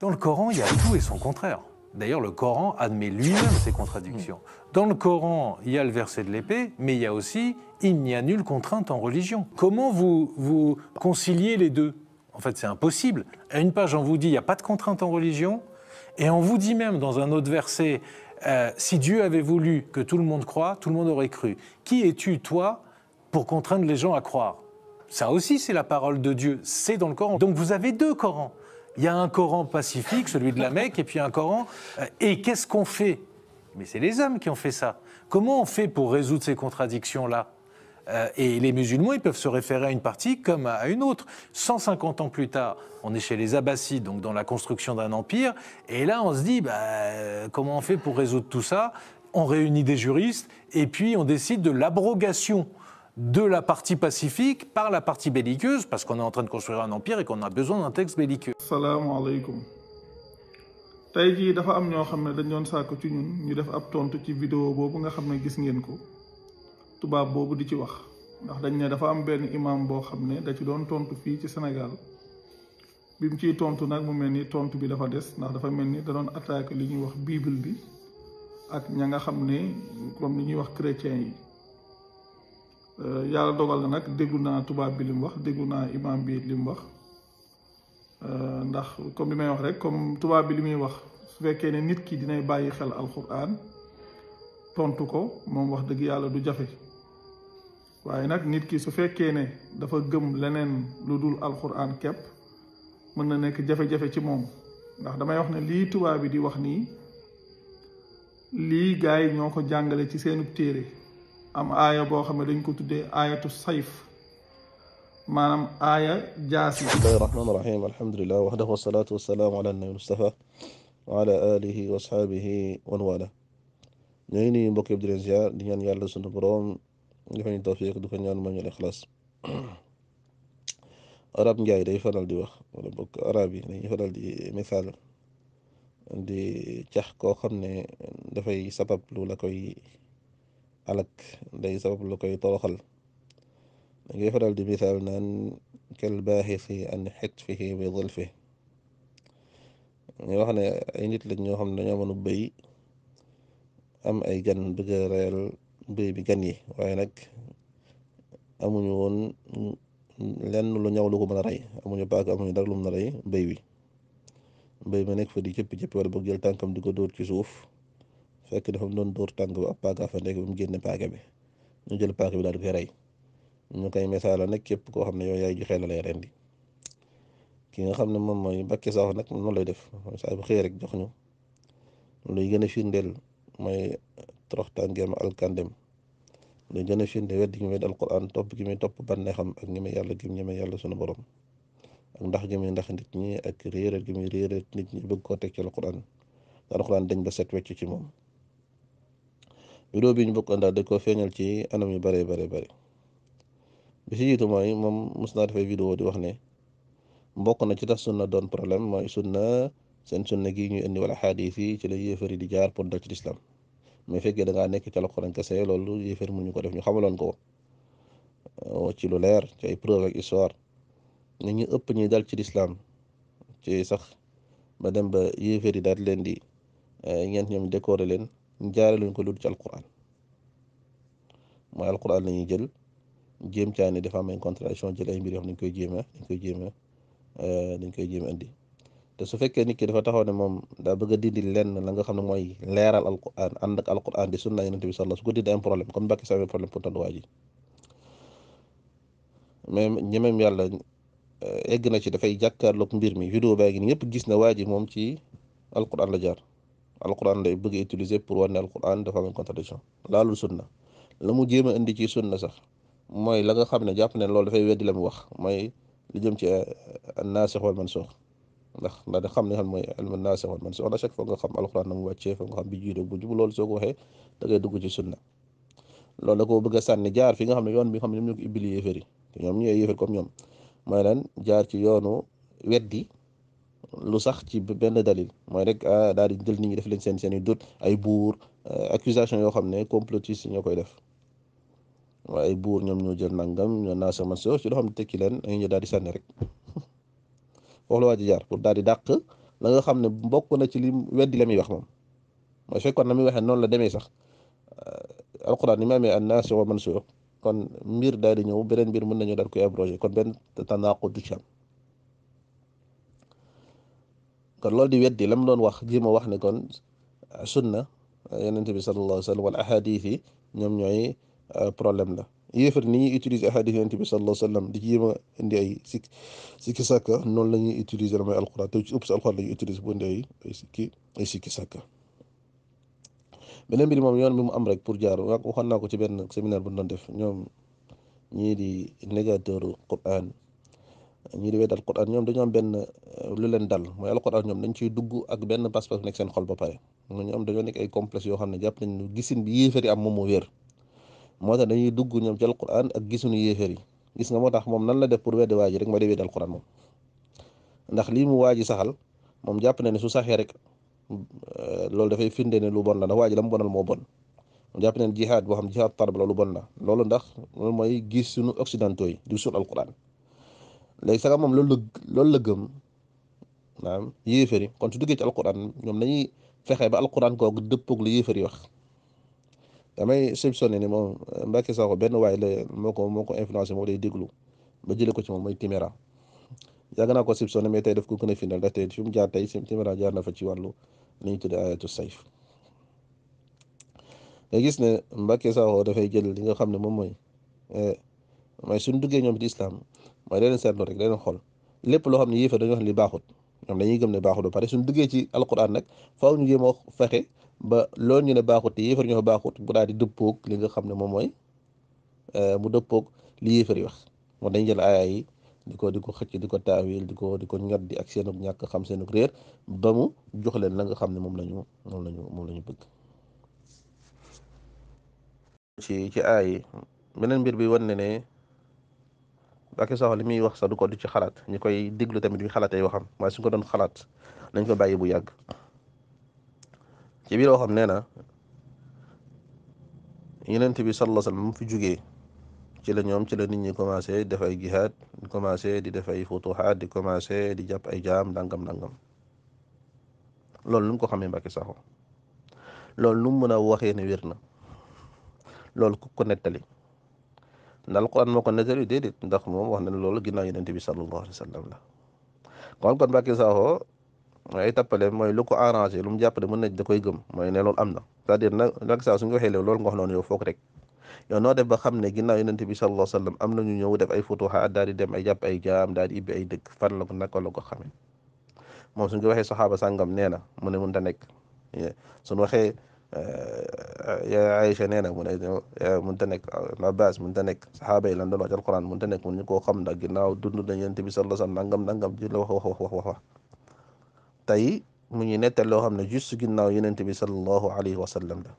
Dans le Coran, il y a tout et son contraire. D'ailleurs, le Coran admet lui-même ses contradictions. Mm. Dans le Coran, il y a le verset de l'épée, mais il y a aussi il n'y a nulle contrainte en religion. Comment vous, vous conciliez les deux En fait, c'est impossible. À une page, on vous dit il n'y a pas de contrainte en religion, et on vous dit même dans un autre verset euh, si Dieu avait voulu que tout le monde croit, tout le monde aurait cru. Qui es-tu, toi, pour contraindre les gens à croire Ça aussi, c'est la parole de Dieu, c'est dans le Coran. Donc vous avez deux Corans. Il y a un Coran pacifique, celui de la Mecque, et puis un Coran. Euh, et qu'est-ce qu'on fait Mais c'est les hommes qui ont fait ça. Comment on fait pour résoudre ces contradictions-là euh, et les musulmans, ils peuvent se référer à une partie comme à une autre. 150 ans plus tard, on est chez les Abbassides, donc dans la construction d'un empire, et là on se dit, bah, euh, comment on fait pour résoudre tout ça On réunit des juristes, et puis on décide de l'abrogation de la partie pacifique par la partie belliqueuse, parce qu'on est en train de construire un empire et qu'on a besoin d'un texte belliqueux. salaamaaleykum tey jii dafa am ñoo xam ne dañ doon sàkk ci ñun ñu def ab tontu ci vidéo boobu nga xam ne gis ngeen ko tubaab boobu di ci wax ndax dañ ne dafa am benn imam boo xam ne da ci doon tontu fii ci Sénégal Bim mu tontu nak mu melni tontu bi dafa dess ndax dafa melni da doon attaquer li ñuy wax bible bi ak ña nga xam comme li ñuy wax chrétien yi. Euh, yàlla dogal na nag déggu naa tubaab bi li wax déggu naa imam bi li mu wax euh, ndax comme li may wax rek comme tubaab bi li muy wax su fekkee ne nit ki dinay bàyyi xel alxuraan tontu ko moom wax dëgg yàlla du jafe waaye nag nit ki su fekkee ne dafa gëm leneen lu dul alxuraan képp mën na nekk jafe-jafe ci moom ndax damay wax ne lii tubaab bi di wax nii lii gars yi ñoo ko jàngale ci seenu téere am aaya boo xam ne dañ ko tuddee aayatu sayf maanaam aaya jaasi bismillahi rahmaani rahim alhamdulilah waxdahu wasalaatu wasalaamu ala nabi mustafa wa ala alihi wa mbokk di leen yàlla sunu boroom dafa ñu du ko ñaan ma ñu la xalaas arab njaay day faral di wax wala mbokk arab yi dañuy faral di misaal di cax koo xam ne dafay sabab lu la alak day sabab lu koy toroxal da ngay faral di misaal naan kel baaxisi an xitfihi bi zulfi ñu wax ne ay nit lañ ñoo xam ne dañoo mën a bëy am ay gan bëgg a reyal bëy bi gan yi waaye nag amuñu woon lenn lu ñaw lu ko mën a rey amuñu paaka amuñu dara lu mën a rey bëy wi bëy ma nekk fa di jëppi jëppi wala boog jël tànkam di ko dóor ci suuf fekk dafa doon dóor tànk ba ab paaka fa nekk ba mu génne paaka bi ñu jël paaka bi daal di koy rey ñu koy misaala nag képp koo xam ne yow yaay joxe la lay di ki nga xam ne moom mooy Mbacké Sakho nag noonu lay def saa bu xëy rek jox ñu luy gën a firndeel mooy torox tànkeem alkandem luy gën a firnde wedd gi muy alquran topp gi muy topp xam ak ñi muy yàlla gi ñi yàlla sunu borom ak ndax gi muy ndax nit ñi ak réeréer gi muy réeréer nit ñi bëgg koo teg ci alquran alquran dañ ba set wecc ci moom vidéo bi ñu bokk àndaal da koo feeñal ci anam yu bare bare bare bi si jiitu mooy moom mos naa defee vidéo di wax ne mbokk na ci tax sunna doon problème mooy sunna seen sunna gi ñuy indi wala xaadis yi ci la yéefari di jaar pour dal ci lislaam mais fekkee da ngaa nekk ci alxuraan kese loolu yéefar mënuñu ko def ñu xamaloon ko ci lu leer ci ay preuve ak ñu ëpp ñuy dal ci lislaam ci sax ba dem ba yéefar yi daal leen di eh, ñeent ñoom décorer leen jaare luñ ko luut ci alquran mooy alquran la ñuy jël jéem caa ne dafa am ay contradiction jël ay mbir yoo xam dañ koy jéem a dañ koy jéem euh, dañ koy jéem indi te su fekkee nit ki dafa taxaw ne moom daa bëgg a dindi lenn la nga xam ne mooy leeral alquran ànd ak alquran di sunna yonent bi sallallahu su ko di am problème kon mbàkki sama problème pour tontu waa ji même ñemem yàlla euh, egg na ci dafay jàkkaarloog mbir mi vidéo baa ni ñëpp gis na waa ji moom ci alquran la jaar alquran lay bëgg a utiliser pour wane ne alquran dafa am une contradiction laalul sunna la mu jéem a indi ci sunna sax mooy la nga xam ne jàpp ne loolu dafay weddi la mu wax mooy li jëm ci naasix wal mansux ndax ndax da xam ne xam mooy ilmu naasix wal mansux à chaque fois nga xam alquran na mu wàccee fa nga xam bi jiitu bu jub loolu soo ko waxee da ngay dugg ci sunna loolu da koo bëgg a sànni jaar fi nga xam ne yoon bi nga xam ne ñoom ñoo ko ibbil yéefar yi ñoom ñooy yéefar comme ñoom mooy lan jaar ci yoonu weddi lu sax ci benn dalil mooy rek ah, daal di jël nit ñi def leen seen seen i dut ay buur eh, accusation yoo xam ne complotiste ñoo koy def waaye ay buur ñoom ñoo jël nangam ñoo naa sama so ci loo xam ne tekki leen dañuy ñëw daal di sànni rek wax waa ji jaar pour daal di dàq la nga xam ne bokk na ci li weddi la muy wax moom mooy fekkoon na muy noonu la demee sax eh, alquran ni mu amee an naasix wa mansuux kon mbir daal di ñëw beneen mbir mën nañu daal koy abrogé kon benn tanaqud du ci am kon loolu di weddi lam doon wax ji wax ne kon sunna yonent bi sallallahu alayhi wa sallam wala ahadith yi ñoom ñooy problème la yéefar ni ñuy utiliser ahadith yonent bi sallallahu alayhi wa sallam di ci a indi ay sik sikki sàkka noonu la ñuy utiliser damay alquran te ci ëpp si alquran la ñuy utiliser bu indi ay ay sikki ay sikki sàkka beneen bi moom yoon bi mu am rek pour jaar waxoon naa ko ci benn séminaire bu ñu doon def ñoom ñii di négateur quran ñii di wedd alquran ñoom dañoo am benn euh, lu leen dal mooy alquran ñoom dañ ciy dugg ak benn pas-pas nekk seen xol ba pare mu ñoom dañoo nekk ay complexe yoo xam ne jàpp nañ gisin bi yéefar am moom moo wér moo tax dañuy dugg ñoom ci alquran ak gisuñu yéefar yi gis nga moo tax moom nan la def pour weddi waa ji rek ma di wedd moom ndax lii mu waa ji saxal moom jàpp na ne su saxee rek euh, loolu dafay firnde ne lu bon la ndax waa ji la mu bonal moo bon moom jàpp na ne jihaad boo xam jihaad tarb la lu bon la loolu ndax loolu mooy gis suñu occidentaux yi di suul alquran léegi sax moom loolu la loolu la gëm naam yéefar yi kon su duggee ci alquran ñoom nañuy fexe ba alquran kooku dëppoog lu yéefar yi wax damay soupçonné ni moom Mbacke Sakho benn waay la moo ko moo ko influencé moo lay déglu ba jëlee ko ci moom mooy Timéra yàgg naa ko soupçonné mais tey daf ko gën fi mu jaar tey si Timéra jaar na ci wàllu li ñu tuddee ayatu sayf nga gis ne Mbacke Sakho dafay jël li nga xam ne moom mooy eh, mooy suñ duggee ñoom ci islam. mooy leen seetlu rek leen xool lépp loo xam ne yéefar dañuy wax li baaxut ñoom dañuy gëm ne baaxut ba pare suñu duggee ci alquran nag faaw ñu jéem a fexe ba loolu ñu ne baaxut te yéefar ñoo baaxut bu daal di dëppoog li nga xam ne moom mooy mu dëppoog li yéefar yi wax moo dañu jël aaya yi di ko di ko xëcc di ko taawil di ko di ko ñot di ak seenug ñàkk xam seenug réer ba mu jox leen la nga xam ne moom lañu moom lañu moom lañu bëgg ci ci aay beneen mbir bi wan ne ne Macky Sall li muy wax sax du ko du ci xalaat ñu koy déglu tamit bi xalaatee waxam waaye su ko doon xalaat nañ ko bàyyi bu yàgg ci biir waxam nee na Yonent bi sallallahu alayhi wasallam mu fi jugee ci la ñoom ci la nit ñi commencé def ay di commencé di def ay futuhaat di commencé di jàpp ay jaam ndàngam ndàngam loolu lu ko xamee Macky Sall loolu lu mën a waxee ne wér na loolu ku ko nettali. ndax alquran moo ko nettali déedéet ndax moom wax na ne loolu ginnaaw yonent bi sallallahu alayhi wa sallam la kon kon Mbacké Sakho ay tappale mooy lu ko arrangé lu mu jàpp ne mën na da koy gëm mooy ne loolu am na c'est-à-dire nag su ñu waxee loolu nga wax noonu yow foog rek yow noo def ba xam ne ginnaaw yonent bi sallallahu alayhi wa sallam am na ñu ñëw def ay futuhaat daal di dem ay jàpp ay jaam daal di ibbi ay dëkk fan la ko naka la ko xamee moom suñ ko waxee saxaaba sàngam nee na mu ne mënta nekk suñ waxee yaa Aïcha nee na mu ne mënta nekk Abbas nekk saxaaba yi lan doon wax alquran mënta nekk mënuñu koo xam ndax ginnaaw dund na yonent bi sallallahu alayhi wasallam nangam nangam ji la wax wax wax wax wax mu ñuy nettal loo xam ne juste ginnaaw yonent bi sallallahu alayhi wasallam la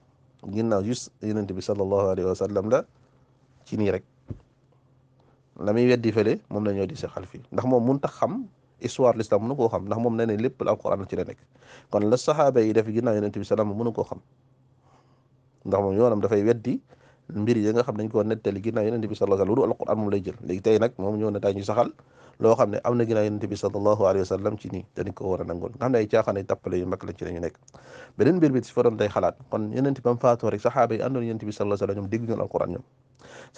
ginnaaw juste yonent bi sallallahu alayhi wasallam la ci nii rek la muy weddi fële moom la ñoo di saxal fii ndax moom ta xam histoire l'islam mënu koo xam ndax moom nee na lépp la alquran ci la nekk kon la saxaaba yi def ginnaaw yonent bi salaam mënu koo xam ndax moom yoonam dafay weddi mbir yi nga xam dañ koo nettali ginnaaw yonent bi sallallahu alayhi wa sallam lu dul alquran moom lay jël léegi tey nag moom ñëw na daa ñuy loo xam ne am na ginnaaw yonent bi sallallahu alayhi wa sallam ci nii dañ ko war a nangul nga ne ay caaxaan ay tappale yu mag la ci lañu nekk beneen mbir bi si fa doon day xalaat kon yonent bi bam faatoo rek saxaaba yi àndoon yonent bi sallallahu alayhi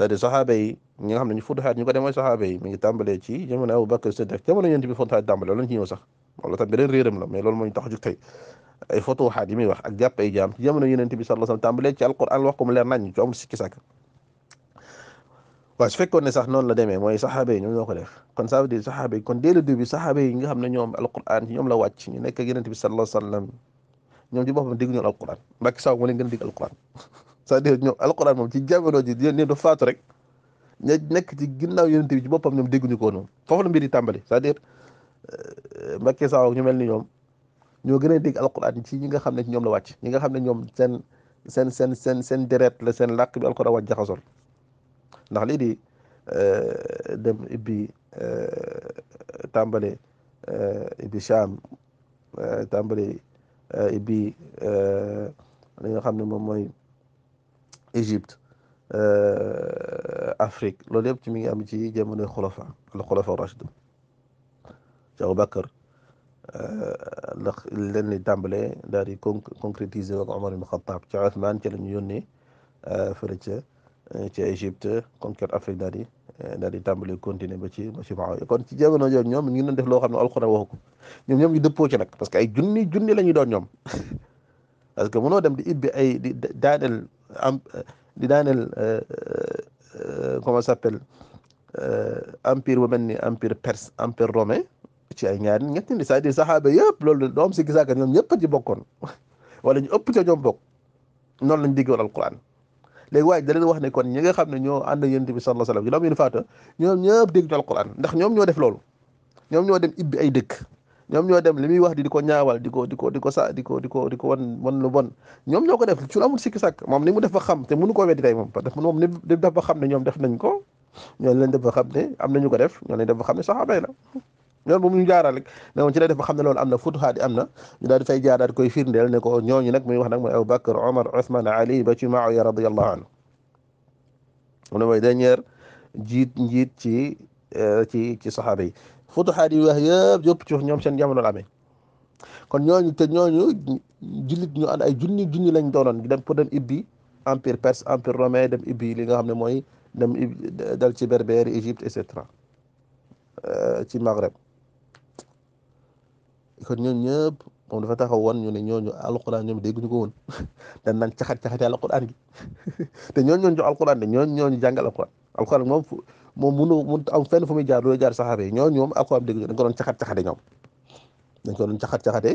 à dire saxaaba yi ñi nga xam ne ñu futuxaat ci jamono Abu Bakr Siddiq jamono beneen réeram la mais loolu moo tax jug tey ay futuxaat yi muy wax ak jàpp ay jaam ci jamono yonent bi sallallahu alayhi wa sallam tàmbalee ci alquran wax ko leer nañ ci amul sikki sàkk waaw su fekkoon ne sax noonu la demee mooy saxaaba ñoom ñoo ko def kon ça veut dire kon dès le début saxaaba ne ñoom alquran ci ñoom la wàcc ñu nekk ak yonent bi sallallahu alayhi wasallam ñoom ci boppam dégg ñoon alquran Mbàkke a dégg alquran c'est-à-dire ñoom alquran moom ci jamono ji ne do faatu rek nekk ci ginnaaw yonent bi ci boppam ñoom dégguñu ko noonu foofu la mbir yi tàmbali cest à euh, ñu mel ni ñoom ñoo gën a dégg alquran ci ñi nga xam ne ci ñoom la wàcc ñi nga xam ne ñoom seen seen seen seen seen deret la seen làkk bi alquran wàcc jaxasoon ndax lii di dem ibbi tàmbale ibbi Sham tàmbale ibbi li nga xam ne moom mooy Égypte Afrique loolu yëpp ci mi ngi am ci jamonoy xulafa al xulafa rashid ci Abubakar ndax leen di tàmbale daal di concrétiser ak Omar ibn Khattab ci Othman ci la ñu yónnee fële ca Euh, ci Égypte conquête Afrique daal di euh, daal di tàmbali continuer ba ci ba ci Muawiya kon ci jamono jooju ñoom ñu ngi doon def loo xam ne alxuraan waxu ko ñoom ñoom ñu dëppoo ci nag parce que ay junni junni la ñuy doon ñoom parce que mënoo dem di ibbi ay di daaneel am euh, di daaneel comment ça s'appelle empire bu mel ni empire perse empire romain ci ay ñaari ñetti ni cest saxaaba yëpp loolu doom si gisaaka ñoom ñëpp ci bokkoon wala ñu ëpp ca ñoom bokk noonu lañ diggoon alquran léegi waaye da wax ne kon ñi nga xam ne ñoo ànd ak yonent bi sallallahu alayhi ñoom ñoo def loolu ñoom ñoo dem ibbi ay dëkk ñoom ñoo dem li muy wax di di ko ñaawal di ko di ko di ko sa di ko di ko di ko wan wan lu bon ñoom ñoo ko def ci lu amul sikki moom ni mu def ba xam te mënu ko weddi tey moom def moom ni def ba xam ne ñoom def nañ ko ñoo leen def ba xam ne am na ñu ko def ñoo ne def ba xam ne saxaaba na loolu moom ñu jaarale ne moom ci lay def ba xam ne loolu am na futuhaat yi am na ñu daal di fay jaar daal koy firndeel ne ko ñooñu nag muy wax nag mooy Abu Bakr Omar Ousmane Ali ba ci Muawiya radiyallahu anhu mu ne mooy dernier jiit njiit ci ci ci saxaaba yi futuhaat yi wax yëpp yëpp ci ñoom seen jamono la amee kon ñooñu te ñooñu jullit ñu ànd ay junni junni lañ doonoon dem pour dem ibbi empire perse empire romain dem ibbi li nga xam ne mooy dem dal ci berbère Égypte et cetera ci Maghreb kon ñooñu ñëpp moom dafa taxaw woon ñu ne ñooñu alquran ñoom dégguñu ko woon dañ naan caxat caxatee alquran gi te ñooñu ñooñu jox alquran de ñooñu ñooñu jàngal alquran alquran moom moom mënu mun am fenn fu muy jaar loolu jaar saxaaba yi ñooñu moom alquran dégguñu dañ ko doon caxat caxate ñoom dañ ko doon caxat caxate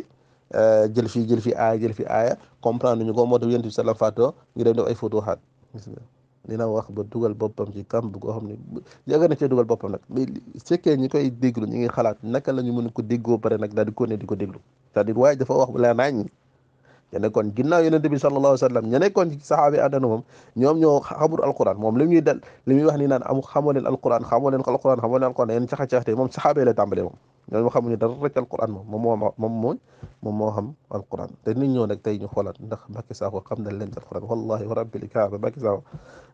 euh, jël fii jël fii aaya jël fii aaya comprendre ñu ko moo tax yonent bi sallallahu alayhi wa sallam faatoo ñu dem def photo xaat dina wax ba dugal boppam ci kàmb goo xam ne yàgg na cee dugal boppam nag mais fekkee ñi koy déglu ñu ngi xalaat naka la ñu mën ko déggoo pare nag daal di ko ne di ko déglu c'est-à-dire waaye dafa wax la naañ ñe nekkoon ginnaaw yonente bi sallallahu alayhi wa sallam ñe ñoom ñoo xamul alquran moom li ñuy dal li wax ni naan am xamoo leen alquran xamoo leen alquran moom saxaabe la tàmbale moom da moo xam ne dara rek alquran mom mom moo mom mo xam alquran te nit ñoo nak tay ñu xolat ndax Macky Sakho xam na leen alquran wallahi wa rabbil bakki Macky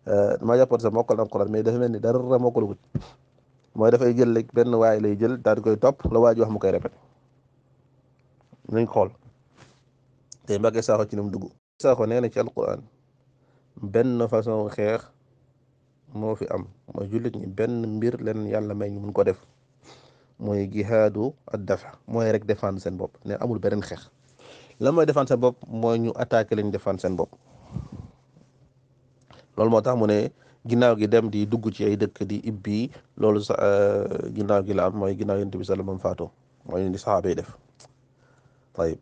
euh ma jàppoon sax mokkal alquran mais dafa mel ni dara mokkal wut da fay jël lek ben way lay jël dal koy top la waji wax mu koy répété nañ xol te Macky Sakho ci num duggu dugg Sakho nee ci alquran ben façon xex mo fi am mooy jullit ñi ben mbir leen yàlla may ñu mën ko def moy jihadu ad dafa moy rek défendre sen bop ne amul bénen xex lan mooy défendre sen bop moy ñu attaquer lañ défendre sen bop lool motax mu ne ginnaaw gi dem di dugg ci ay dëkk di ibbi loolu euh ginnaaw gi la am moy ginnaaw yonent bi sala mam faato moy ni saxaaba yi def tayib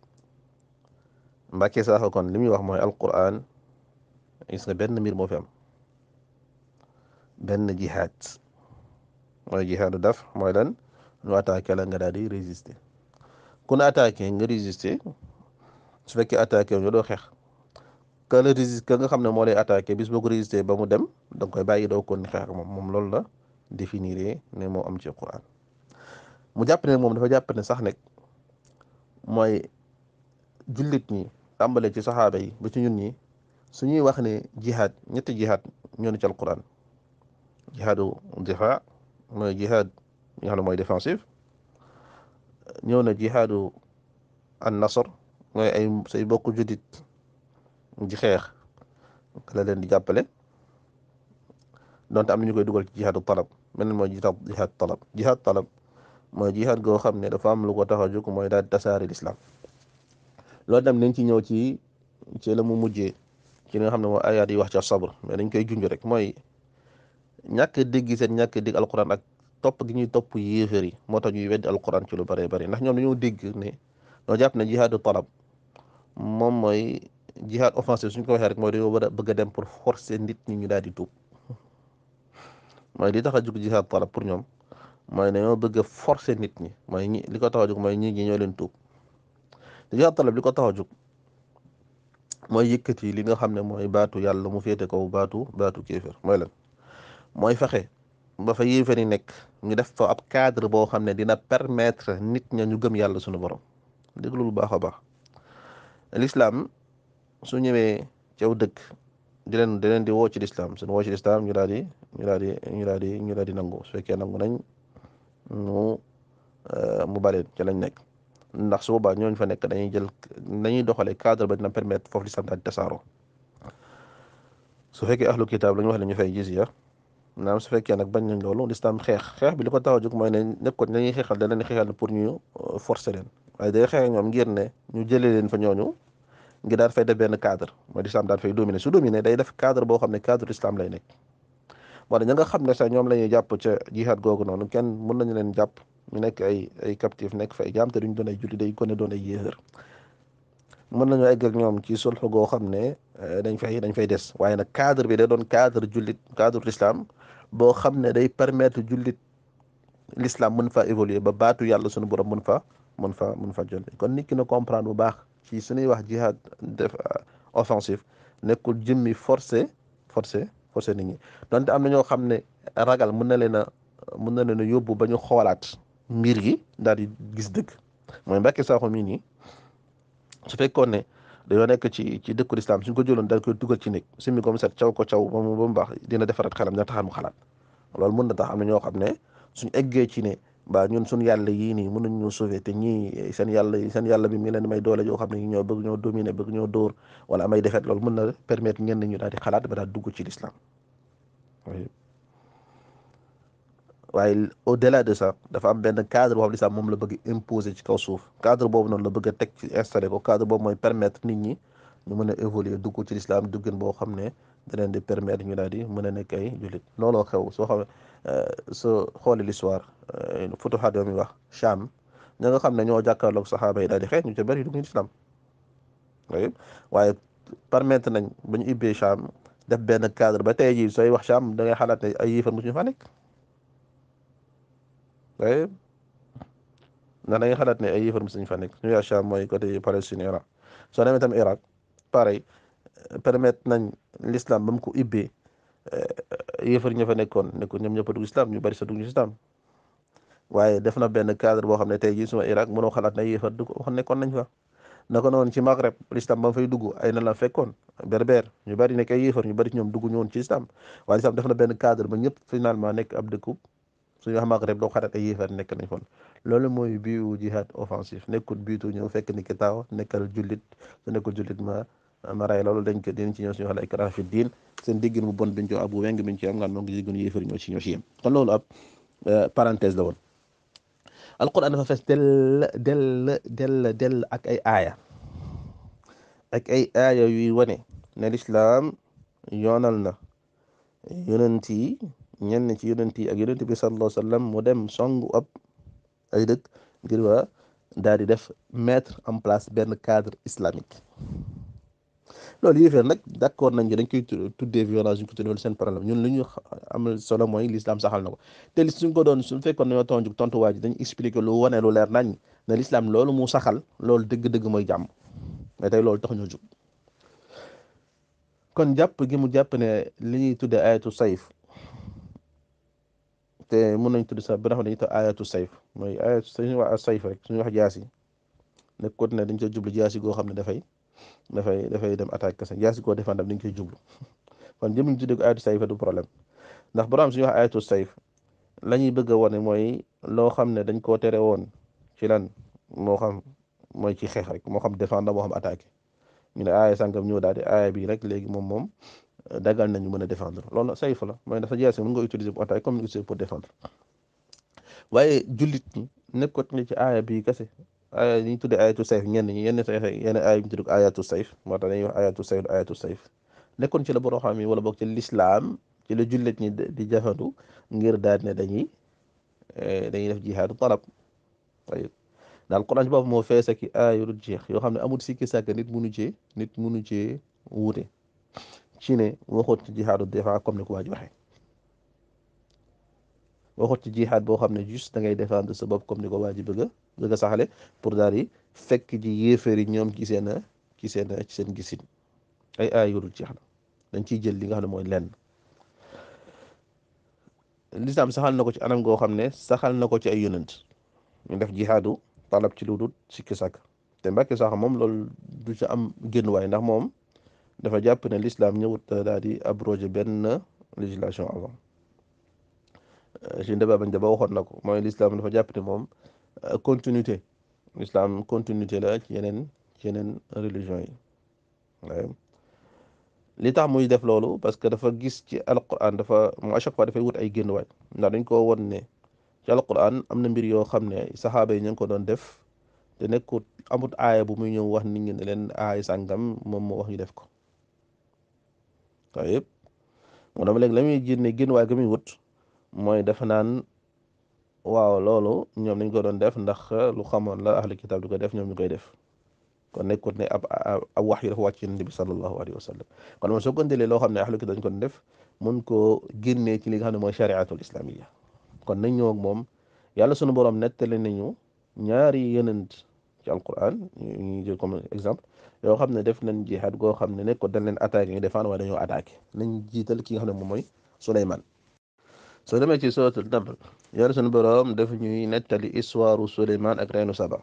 mbacké sa xokon limi wax moy alquran is nga ben mir mo fi am ben jihad moy jihadu daf moy lan ñu attaqué la nga daal di résister ku ne attaqué nga résister su fekkee attaqué wu ñu doo xeex ka la résister ka nga xam ne moo lay attaqué bis boo ko résister ba mu dem da koy bàyyi doo ko ni xeex moom moom loolu la définir ne moo am ci Quran mu jàpp ne moom dafa jàpp ne sax nag mooy jullit ñi tàmbale ci saxaaba yi ba ci ñun ñi su ñuy wax ne jihaad ñetti jihaad ñoo ne ci Alquran jihaadu difaa mooy jihaad li nga xam ne mooy défensive ñëw na jihaadu an mooy ay say bokku judit ji xeex la leen di jàppale donte am na ñu koy dugal ci jihaadu talab meneen mooy jihaad talab jihaad talab mooy jihaad goo xam ne dafa am lu ko tax a jóg mooy daal tasaari lislaam loolu tam nañ ci ñëw ci ci la mu mujjee ci li xam ne mooy ayaat yi wax ca sabr mais dañ koy junj rek mooy ñàkk dégg seen ñàkk dégg alquran ak topp gi ñuy topp yéeféer yi moo tax ñuy weddi alquran ci lu bëree bëri ndax ñoom dañoo dégg ne ñoo jàpp na jihaadu talab moom mooy jihaad offensive suñ ko waxee rek mooy dañoo war a bëgg dem pour forcer nit ñi ñu daal di tuub mooy li tax a jug jihaad talab pour ñoom mooy dañoo bëgg a forcer nit ñi mooy ñi ko tax a jug mooy ñi ñi leen tuub jihaad talab li ko tax a jug mooy yëkkati li nga xam ne mooy baatu yàlla mu féete kaw baatu baatu kéeféer mooy lan mooy fexe ba fa yéeféer yi nekk ñu def fa ab cadre boo xam ne dina permettre nit ña ñu gëm yàlla suñu borom déglu lu baax a baax lislaam su ñëwee ceew aw dëkk di leen di leen di woo ci lislaam suñu woo ci lislaam ñu daal di ñu daal di ñu daal di ñu daal di nangu su fekkee nangu nañ euh, mu mu baleen lañ nekk ndax su ñooñu fa nekk dañuy jël dañuy doxalee cadre ba dina permettre foofu lislaam daal di tasaaroo su fekkee ahlu kitaab la ñu wax ne ñu fay jizya naam su fekkee nag bañ nañ loolu lislaam xeex xeex bi li ko tax a jóg mooy ne nekkoon nañuy xeexal da leen xeexal pour ñu euh, forcer leen waaye day xeex ñoom ngir ne ñu jëlee leen fa ñooñu ngir daan fay def benn cadre mooy lislaam daan fay dominer su dominer day def cadre boo xam ne cadre lislaam lay nekk wala ña nga xam ne sax ñoom la ñuy jàpp ca jihaad googu noonu kenn mën nañu leen jàpp ñu nekk ay ay captif nekk ay jaam te duñ doon ay day ko ne doon ay mën nañu egg ak ñoom ci sulx goo xam ne euh, dañ fay dañ fay des waaye nag cadre bi da doon cadre jullit cadre lislaam boo xam ne day permettre jullit l'islam mën fa évoluer ba baatu yàlla sunu borom mën fa mën fa mën fa jonte kon nit ki na comprendre bu baax ci suñuy wax jihad def euh, offensif nekkul jëmmi forcé forcé forcé nit ñi donte am na ñoo xam ne ragal mën na leen a mën na leen a yóbbu ba ñu xoolaat mbir gi daal di gis dëkk mooy Mbàkke Saaxo mii nii su fekkoon ne dañoo nekk ci ci dëkku lislaam suñ ko jëloon dañ koy dugal ci néeg simi comme set caw ko caw ba mu ba mu baax dina defaraat xelam dina taxaat xalaat loolu mën na tax am na ñoo xam ne suñ eggee ci ne ba ñun suñ yàlla yii nii mënuñ ñu sauver te ñii seen yàlla seen yàlla bi mi leen may doole yoo xam ne ñoo bëgg ñoo dominer bëgg ñoo dóor wala amay defet loolu mën na permettre ñenn ñu daal di xalaat ba daal dugg ci lislaam waaye au delà de ça dafa am benn cadre boo xam lislaam moom la bëgg imposer ci kaw suuf cadre boobu noonu la bëgg a teg ci installé ko cadre boobu mooy permettre nit ñi ñu mën a évoluer dugg ci lislaam duggin boo xam ne da leen di permettre ñu daal di mën a nekk ay jullit looloo xew soo xam soo xoolee l'histoire futuhaat yoo muy wax Cham ña nga xam ne ñoo jàkkaarloog saxaaba yi daal di xeex ñu ca bëri dugg ci lislaam waaye permettre nañ ba ñu ubbee Cham def benn cadre ba tey jii sooy wax Cham da ngay xalaat ne ay yéefar mosu ñu fa nekk waaye ndax da ne ay yëfar musuñ fa nekk suñu Sham mooy côté Palestine Irak tam Irak pareil permettre nañ l'islam ba ko ibbee eh, yëfar ña fa nekkoon ne ñoom ñëpp a ñu bari sa dugg islam waaye def na benn cadre boo xam ne tey jii suma Irak mënoo xalaat ne yëfar du ko nekkoon nañ fa naka noonu ci Maghreb l'islam ba mu fay dugg ay na la fekkoon berber ñu bari nekk ay yëfar ñu bari ñoom dugg ñoon ci islam waaye islam def na benn cadre ba ñëpp finalement nekk ab dëkkub suñu wax maghrib do xarit ay yefal nek nañ fon lolu moy biu jihad offensif nekul biitu ñëw fekk ni ki taw nekkal julit su nekkul jullit ma ma ray lolu dañ ko dinañ ci ñëw suñu wax la ikraha fi diin seen diggin bu bon biñ ci abu weng biñ ci am nga mo ngi diggin yefal ñoo ci ñoo ci yam kon lolu ab parenthèse la won alquran dafa fees del del del del ak ay aya ak ay aya yu wone ne l'islam yonal na yonenti ñen ci yonent ak yonent bi sallallahu alayhi wasallam sallam mu dem songu ab ay dëkk ngir wa daal di def mettre en place Lo cadre islamique loolu yi fer nak d'accord nañu dañ koy tuddé violence ñu ko tuddee seen problème ñun luñu ñu am solo moy l'islam saxal nako té li suñ ko doon suñ ñoo tonju tontu waji dañ expliquer lu woné lu leer nañ ne l'islam loolu mu saxal loolu dëgg-dëgg moy jamm mais tay loolu tax ñu juk kon japp gi mu japp né li ñuy tuddé ayatu sayf te mën nañ tudd sax bi nga xam ne dañuy tax ayatu sayf mooy ayatu suñu wax sayf rek suñu wax jaasi nekk ko ne dañ koy jublu jaasi goo xam ne dafay dafay dafay dem attaque kese jaasi goo defandam dañ koy jublu kon jëm ñu tuddee ko ayatu sayf du problème ndax borom suñu wax ayatu sayf la ñuy bëgg wane mooy loo xam ne dañ koo tere woon ci lan moo xam mooy ci xeex rek moo xam défendre moo xam attaque ñu ne aaya sàngam ñëw daal di aaya bi rek léegi moom moom dagal nañu mën a défendre loolu sayf la mooy dafa jaasi mën nga utiliser bu attaque comme ni utiliser pour défendre waaye jullit ñi nekkoon nga ci aaya bii kese aaya yi ñu tudde aayatu sayf ñenn ñi yenn sayf yenn aaya yi ñu tudde aayatu sayf moo tax dañuy wax aayatu sayf aayatu sayf nekkoon ci la boroo xam yi wala boog ci lislaam ci la jullit ñi di jafandu ngir daal ne dañuy eh, dañuy def jihaadu talab ayib daal Quran ci boobu moo fees ak i aayul jeex yoo xam ne amul sikki sàkk nit munu cee nit munu cee wuute ci ne ci jihaadu défense comme ni ko waa ji waxee ci jihaad boo xam ne juste da ngay défendre sa bopp comme ni ko waa ji bëgg a bëgg pour daal di fekk ji yéeféer yi ñoom ci seen ci seen ci seen gisin ay aay yorul jeex na dañ ciy jël li nga xam ne mooy leen lenn lislaam saxal na ko ci anam goo xam ne saxal na ko ci ay yonent ñu def jihaadu talab ci lu dul sikki te Mbàkke sax moom loolu du ci am génn waay ndax moom dafa jàpp ne lislaam ñëwut euh, daal di abrogé benn législation avant Cheikh euh, bañ ba waxoon na ko mooy l'islam dafa jàpp ne moom euh, continuité l'islam continuité la ci yeneen yeneen religion yi li tax muy def loolu parce que dafa gis ci alquran dafa moom à chaque fois dafay wut ay génn waay ndax dañ koo won ne ci alquran am na mbir yoo xam ne saxaaba yi ñu ngi ko doon def te nekkut amut aaya bu muy ñëw wax nit ñi ne leen aaya sangam moom moo wax ñu def ko طيب مو دام ليك لامي جيني جين واي غامي ووت موي داف نان واو لولو نيوم نين كو دون داف ناخ لو اهل الكتاب دوكو داف نيوم نيكاي داف كون نيكوت ني اب اب وحي لا واتي النبي صلى الله عليه وسلم كون مو سوكون دي لو اهل الكتاب نكون داف مون كو جيني تي ليغا نمو الاسلاميه كون نيو موم يالا سونو بوروم نيو نياري يننت ci alquran ñu exemple yoo xam ne def nañ jihaad goo xam ne ne ko dañ leen attaqué ñu defaan waaye dañoo attaqué nañ jiital ki nga xam ne moom mooy Suleymaan soo demee ci suratul Naml yàlla sunu boroom daf ñuy nettali histoire Suleymaan ak reenu Saba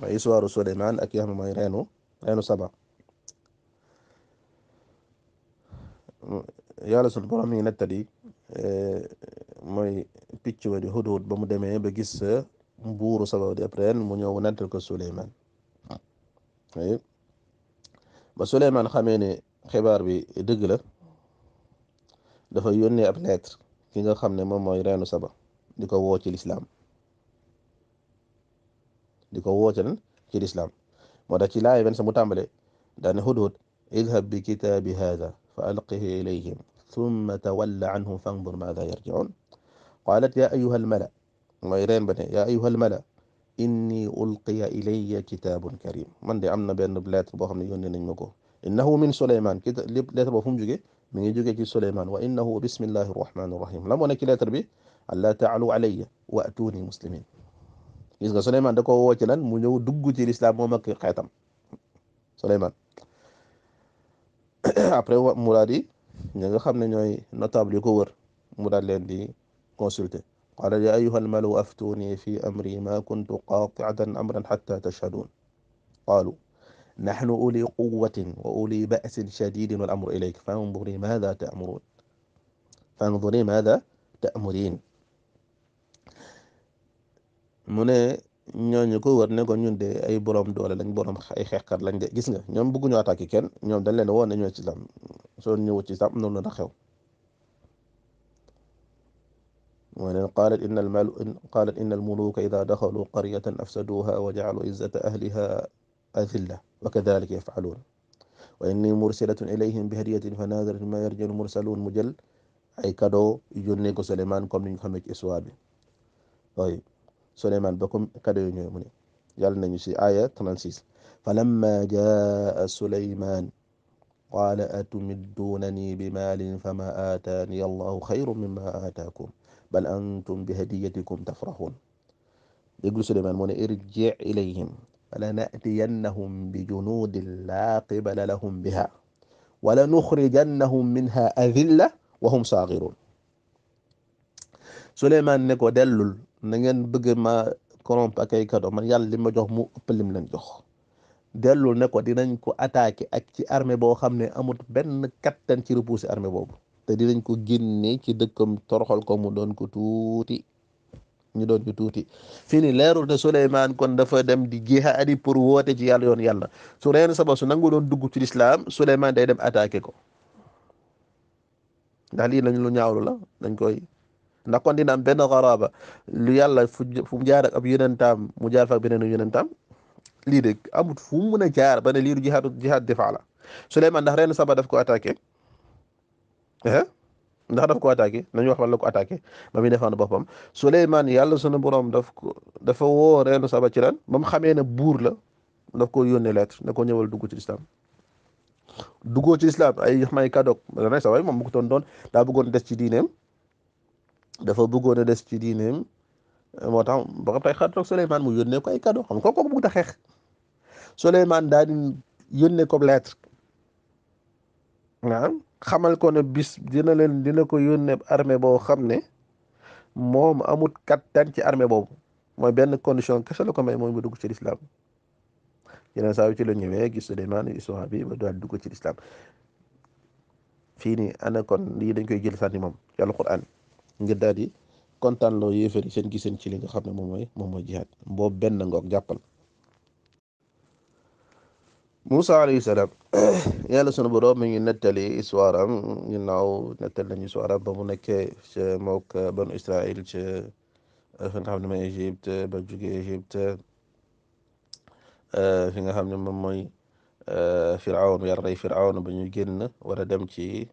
mooy histoire Suleymaan ak yi mu xam mooy reenu reenu Saba yàlla sunu boroom ne nettali eh, mooy picc wa di hudhud ba mu demee ba gis eh, buuru Sabaudi après mu ñëw nettal ko Souleymane ba Souleymane xamee ne xibaar bi dëgg la dafa yónnee ab lettre ki nga xam ne moom mooy reenu Saba di ko woo ci lislaam di ko woo ci lislaam moo tax ci laay benn sa mu tàmbale daane hudhud idhab bi kitaabi haadha fa alqihi ilayhim thumma tawalla anhum fanzur maadha yarji'un qaalat yaa ayyuha almala mooy reen ba ne yaa ayuhal mala inni ulqiya ilayya kitaabun karim man de am na benn lettre boo xam ne yónnee nañ ma ko innahu min suleyman ki lépp lettre boo fu mu jóge mi ngi jóge ci suleyman wa innahu bismillahi irrahmani irrahim la moo nekk ci lettre bi allaa taalu alayya wa atuuni muslimin gis nga suleyman da ko woo ci lan mu ñëw dugg ci lislaam moom ak xeetam suleyman après muraad yi ñi nga xam ne ñooy notable yu ko wër mu daal leen di consulter قال يا أيها الملو أفتوني في أمري ما كنت قاطعة أمرا حتى تشهدون قالوا نحن أولي قوة وأولي بأس شديد والأمر إليك فانظري ماذا تأمرون فانظري ماذا تأمرين من ñoo ñu ko wër ne ko ñun de ay borom doole lañ borom ay xeexkat lañ de gis nga ñoom ñu attaquer kenn ñoom dañ leen woon ne ñoo ci sam soo ñëwul ci sam am na la xew ولن قالت إن المال إن قالت إن الملوك إذا دخلوا قرية أفسدوها وجعلوا عزة أهلها أذلة وكذلك يفعلون وإني مرسلة إليهم بهدية فناظر ما يرجع المرسلون مجل أي كادو يجنيكو سليمان كم نيو خمج إسوابي طيب سليمان بكم كادو يجنيكو مني يالنا نيسي آية 36 فلما جاء سليمان قال أتمدونني بمال فما آتاني الله خير مما آتاكم bal antum bi hadiyatikum tafrahun déglu Suleymaan moo ne irji ilayhim wala natiyannahum bi junudin laa qibala lahum biha wala nuxrijannahum minha adilla wa hum saagirun Suleymaan ne ko dellul na ngeen bëgg ma corrompe ak ay kado man jox mu ëpp lim jox dellul ne ko dinañ ko attaqué ak ci armée boo xam ne amut benn kattan ci repousser armée boobu te dinañ ko génne ci dëkkam toroxal ko mu doon ko tuuti ñu doon ñu tuuti fii ni leerul te Suleymaan kon dafa dem di jihaadi pour woote ci yàlla yoon yàlla su reenu saba su nangu doon dugg ci lislaam Suleymaan day dem attaqué ko ndax lii lañ lu ñaawlu la dañ koy ndax kon dina am benn xaraaba lu yàlla fu jaar ak ab yonentam mu jaar fa ak beneen yonentam lii de amut fu mu mën a jaar ba ne lii du jihaad jihaad difaa la Suleymaan ndax reenu saba def ko attaqué Eh? ndax daf ko attaqué nañu wax fan la ko attaqué ba muy défendre boppam Souleymane yàlla sunu borom daf ko dafa woo reenu saba ci lan ba mu xamee ne buur la daf ko yónnee lettre da ko ñëwal dugg ci islam duggoo ci islam ay may kaddoog renay saba moom bu ko doon doon bëggoon des ci diineem dafa bëggoon a des ci diineem moo tax ba xam tey xaatoog mu yónnee ko ay kaddo xam nga kooku bëgg a xeex Souleymane daal di yónnee ko lettre naam xamal ko ne bis dina leen dina ko yónnee armée boo xam ne moom amut tan ci armée boobu mooy benn condition kese la ko may mooy mu dugg ci lislaam yeneen saa yu ci la ñëwee gis Suleymaan gis bi ba daal dugg ci lislaam fii nii ana kon lii dañ koy jël sànni moom ci alquran ngir daal di kontaan loo yéefari seen giseen ci li nga xam ne moom mooy moom mooy jihaad boobu benn ngoog jàppal موسى عليه السلام يالا سونو بروب مي نتالي سوارام غيناو نتال نيو سوارا بامو نيك سي موك بن اسرائيل سي فين خامن مي ايجيبت با جوغي ايجيبت ا آه، فين خامن مام موي آه، فرعون يا ري فرعون با نيو ген ورا دم سي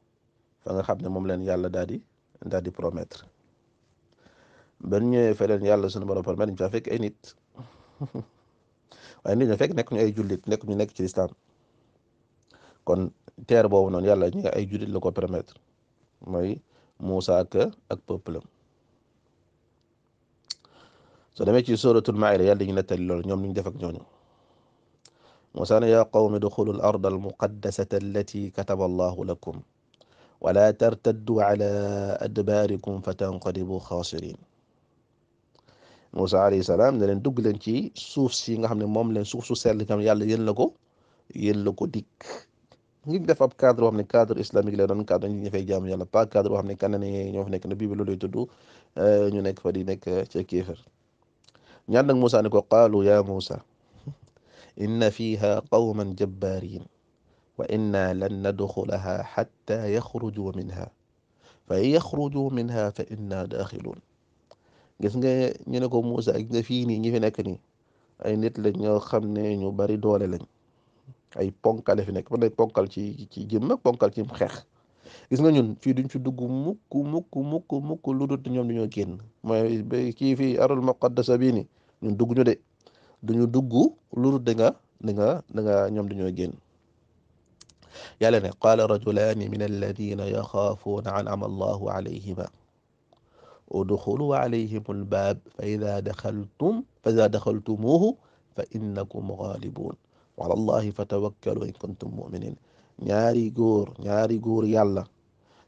فاغا خامن موم لين يالا دادي دادي بروميتر با نيو فلان يالا سونو بروب بامن جافيك اي نيت waaye nit ñi fekk nekk ñu ay jullit nekk ñu nekk ci lislaam kon teer boobu noonu yàlla ñi ay jullit la ko permettre mooy Moussa ak ak peuple am soo demee ci suratul maida yàlla ñu nettali loolu ñoom ñu def ak ñooñu Moussa ne yaa qawmi dukhulul al al muqaddasata allati kataba allahu lakum wala tartaddu ala adbaarikum fatanqalibu xaasirin Moussa alayhi salaam ne dug dugg leen ci suuf si nga xam ne moom leen suuf su sell nga xam ne yàlla yéen la ko yéen la ko dikk ngi def ab cadre boo ne cadre islamique la doon cadre ñu fay jaamu yàlla pas cadre boo xam ne kanane ñoo fa nekk ne bii bi loolu lay tudd euh, ñu nekk fa di nekk ca kéefar ñaan nag Moussa ne ko qaalu ya Moussa inna fiha qawman jabbarin wa inna lan nadxulaha xatta yaxrujuu minha fa in yaxrujuu fa inna daaxiluun gis nga ñu ne ko Moussa ak nga fii nii ñi fi nekk nii ay nit lañ ñoo xam ne ñu bari doole lañ ay ponkal fi nekk man ponkal ci ci jëm nag ponkal ci xeex gis nga ñun fii duñ fi dugg mukk mukk mukk mukk lu dut ñoom dañoo génn mooy kii fii arul muqaddasa bii ni ñun dugg ñu de duñu dugg lu dut da nga da nga da nga ñoom dañoo génn yàlla ne qaala rajulaani min alladina yaxaafuuna anama allahu alayhima udxulu alayhim albaab fa ida daxaltum fa ida daxaltumuuhu fa innakum gaalibuun wala allahi fatawakkalu in kuntum muminin ñaari góor ñaari góor yàlla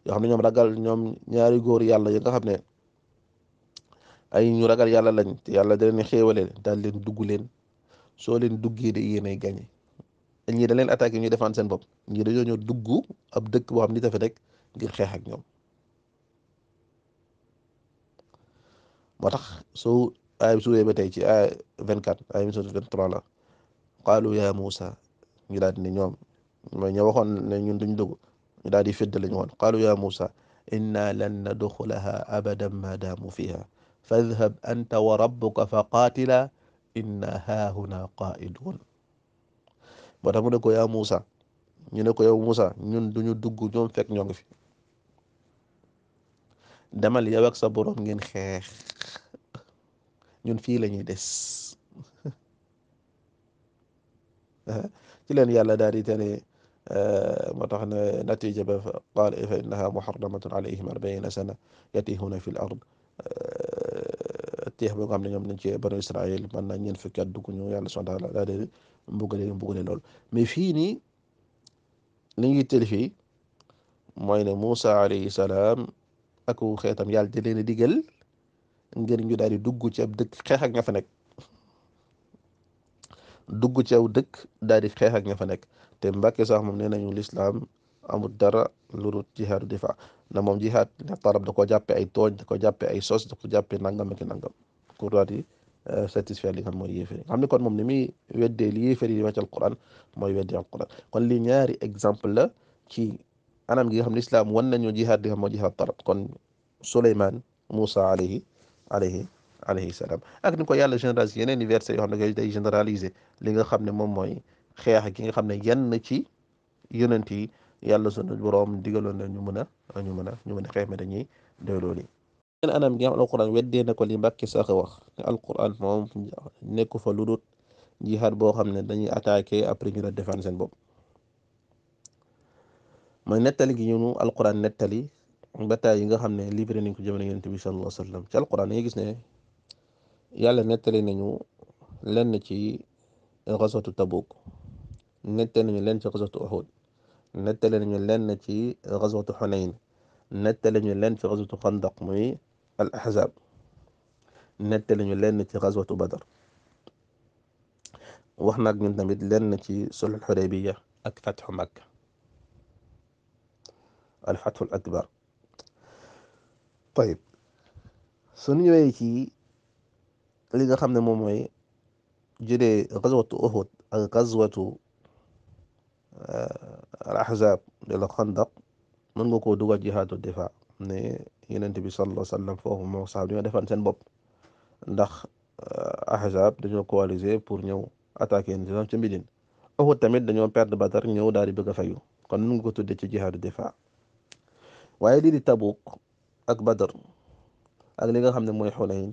yoo xam ne ñoom ragal ñoom ñaari góor yàlla yi nga xam ne ay ñu ragal yàlla lañ te yàlla da leen xéewale daal leen dugg leen soo leen duggee de yéenay gañe ñii da leen attaqué ñuy defaan seen bopp ñii dañoo ñëw dugg ab dëkk boo xam ni dafa rek ngir xeex ak ñoom moo tax soo aaya bi suuree ba tey ci aaya vingt quatre aaya bi la qaalu yaa Muusa ñu daal di ne ñoom ma ñoo waxoon ne ñun duñ dugg ñu daal di fedd lañu woon qaalu yaa Muusa innaa lan nadxulaha abadan maa daamu fiha fadhhab anta wa rabbuka fa qaatila innaa haahuna qaa'iduun moo tax mu ne ko yaa Muusa ñu ne ko yow Muusa ñun duñu dugg ñoom fekk ñoo ngi fi demal yow ak sa boroom ngeen xeex ñun fii la ñuy des ah, ci leen yàlla daal di tere eh, moo tax ne natija ba qaal fa innaha muharramatun alayhim arbaina sana yatihuna fi l ard eh, teex ba nga xam ne ñoom nañ ci banu israil man na ñeen fukki at dugg ñu yàlla subhana taala daal di mbugale mbugale lool mais fii nii li ñuy tel mooy ne Moussa alayhi salaam aku xeetam yàlla di leen digal ngir ñu daal di dugg ci dëkk xeex ak ña fa nekk dugg ci dëkk daal di xeex ak ña nekk te Mbàkke sax moom nee nañu lislaam amul dara lu dul jihaadu difaa na moom jihaad ne tarab da ko jàppe ay tooñ da ko jàppe ay sos da ko jàppe nangam ak nangam ku daal di euh, li mooy yéefar xam ne kon moom ni muy weddee li yéefar yi di wax ci alquran mooy weddee alquran kon li ñaari exemple la ci anam gi nga xam ne islam wan nañu jihaad di nga xam moo jihaad talab kon Souleymane Moussa alayhi alayhi alayhi salaam ak ni ko yàlla généralisé yeneen i versets yoo xam ne day généralisé li nga xam ne moom mooy xeex gi nga xam ne na ci yonent yi yàlla sunu boroom digaloon na ñu mën a ñu mën a ñu mën a xeex ma dañuy doyloo lii. yeneen anam gi nga xam ne alquran na ko li Mbàkke sax wax alquran moom nekk fa lu dul jihaad boo xam ne dañuy attaqué après ñu la défendre seen bopp. moy netali gi ñunu nu alquran nettali bataay yi nga xamne libre livré nañ ko jamono yonent bi sallallahu alayhi wasallam ci alquran yi gis ne yàlla netali nañu lenn ci ghazwat tabuk netali nañu lenn ci ghazwat uhud netali nañu lenn ci ghazwat hunain netali nañu lenn ci ghazwat khandaq moy al ahzab netali nañu lenn ci ghazwat badr wax nak ñun tamit lenn ci sulh al hudaybiyah ak fathu makkah alfathul akbar tayib su ñu ñëwee li nga xam ne moom mooy jëlee gazwatu uhud ak gazwatu euh, al ahzab de la xandaq ko nga koo dugal jihaadu difa ne yenent bi sallallahu alayhi wa sallam foofu moo sax dañoo defan seen bopp ndax euh, ahzab dañoo coaliser pour ñëw attaquer n ci Médine uhud tamit dañoo perdre Badar ñëw daal di bëgg a fayu kon mën nga ko tuddee ci jihaadu difa waaye lii di tabuk ak badar ak li nga xam ne mooy xunayn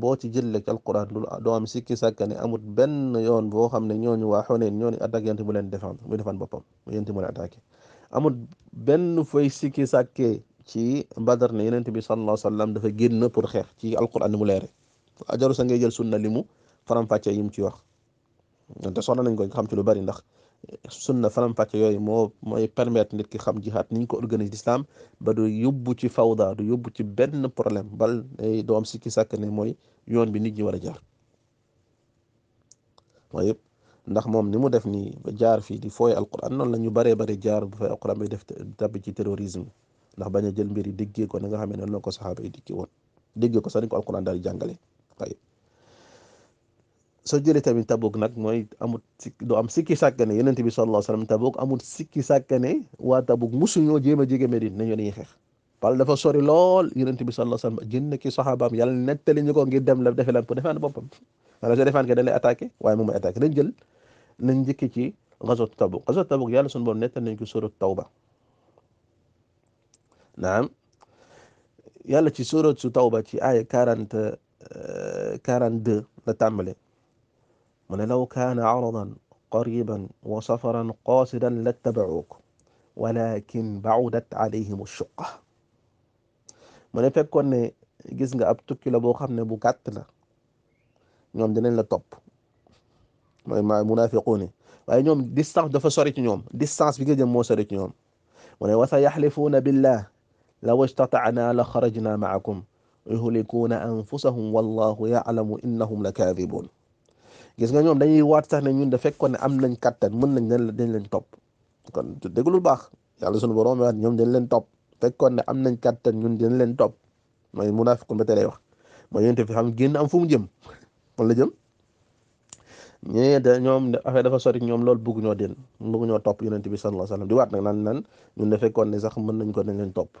boo ci jëlee ci alquran du doom am sikki sàkka ne amut benn yoon boo xam ne ñooñu waa xunayn ñooñu attaqué yonent mu leen défendre muy defaan boppam yonent mu leen attaqué amut benn fooy sikki sàkkee ci badar ne yonent bi sallallahu alayhi wa sallam dafa génn pour xeex ci alquran mu leere ajaru sa ngay jël sunna li mu faram-fàccee yi mu ci wax te soxla nañ ko xam ci lu bari ndax sunna faram-fàcce yooyu moo mooy permettre nit ki xam jihaad niñ ko organise l'islam ba du yóbbu ci fawda du yóbbu ci benn problème bal day doom si ki sàkk ne mooy yoon bi nit ñi war a jaar waaye ndax moom ni mu def nii jaar fii di fooy alquran noonu la ñu bëree bëri jaar bu fay alquran bi def tabbi ci terrorisme ndax bañ jël mbir yi déggee ko na nga xamee ne noonu ko saxaaba yi dikkee woon déggee ko sax ni ko alquran daal di jàngale soo jëlee tamit Tabuk nag mooy amut du am sikki sàkkane yonent bi sallallahu alayhi wa sallam Tabuk amul sikki sàkkane waa Tabuk musuñoo jéem a jege Medine nañu dañuy xeex pal dafa sori lool yonent bi sallallahu alayhi wa sallam jënd ki saxaabaam yàlla nettali ñu ko ngir dem la defe lan pour defaan boppam wala soo defaan ke dañ lay attaqué waaye moom mooy attaqué dañ jël nañ njëkki ci gazwat Tabuk gazwat Tabuk yàlla suñu ne nettal nañ ko surat Tawba naam yàlla ci surat su Tawba ci aaya quarante euh, quarante deux la tàmbale ولو كان عرضا قريبا وسفرا قاصدا لاتبعوك walakin ba'udat alayhim shuqqa mu ne fekkoon ne gis nga ab tukki la boo xam ne bu gàtt la ñoom dinañ la topp mooy ma munafiquun waaye ñoom distance dafa sori ci ñoom distance bi nga jëm moo sori ci ñoom mu ne wa sa yaxlifuuna billah law istata'naa la xarajnaa ma'akum yuhlikuuna anfusahum wallahu ya'lamu innahum la kaadibuun gis nga ñoom dañuy waat sax ne ñun da fekkoon ne am nañ kattan mën nañ leen dañ leen topp kon déglul baax yàlla sunu borom waat ñoom dañ leen topp fekkoon ne am nañ kattan ñun dañ leen topp mooy munaafiqun ba tey lay wax mooy yéen fi xam génn am fu mu jëm fan la jëm ñee da ñoom affaire dafa sori ñoom loolu bëgg ñoo den ñoo topp yonent bi sallallahu alayhi wasallam di waat nag naan ñun da fekkoon ne sax mën nañ ko dañ leen topp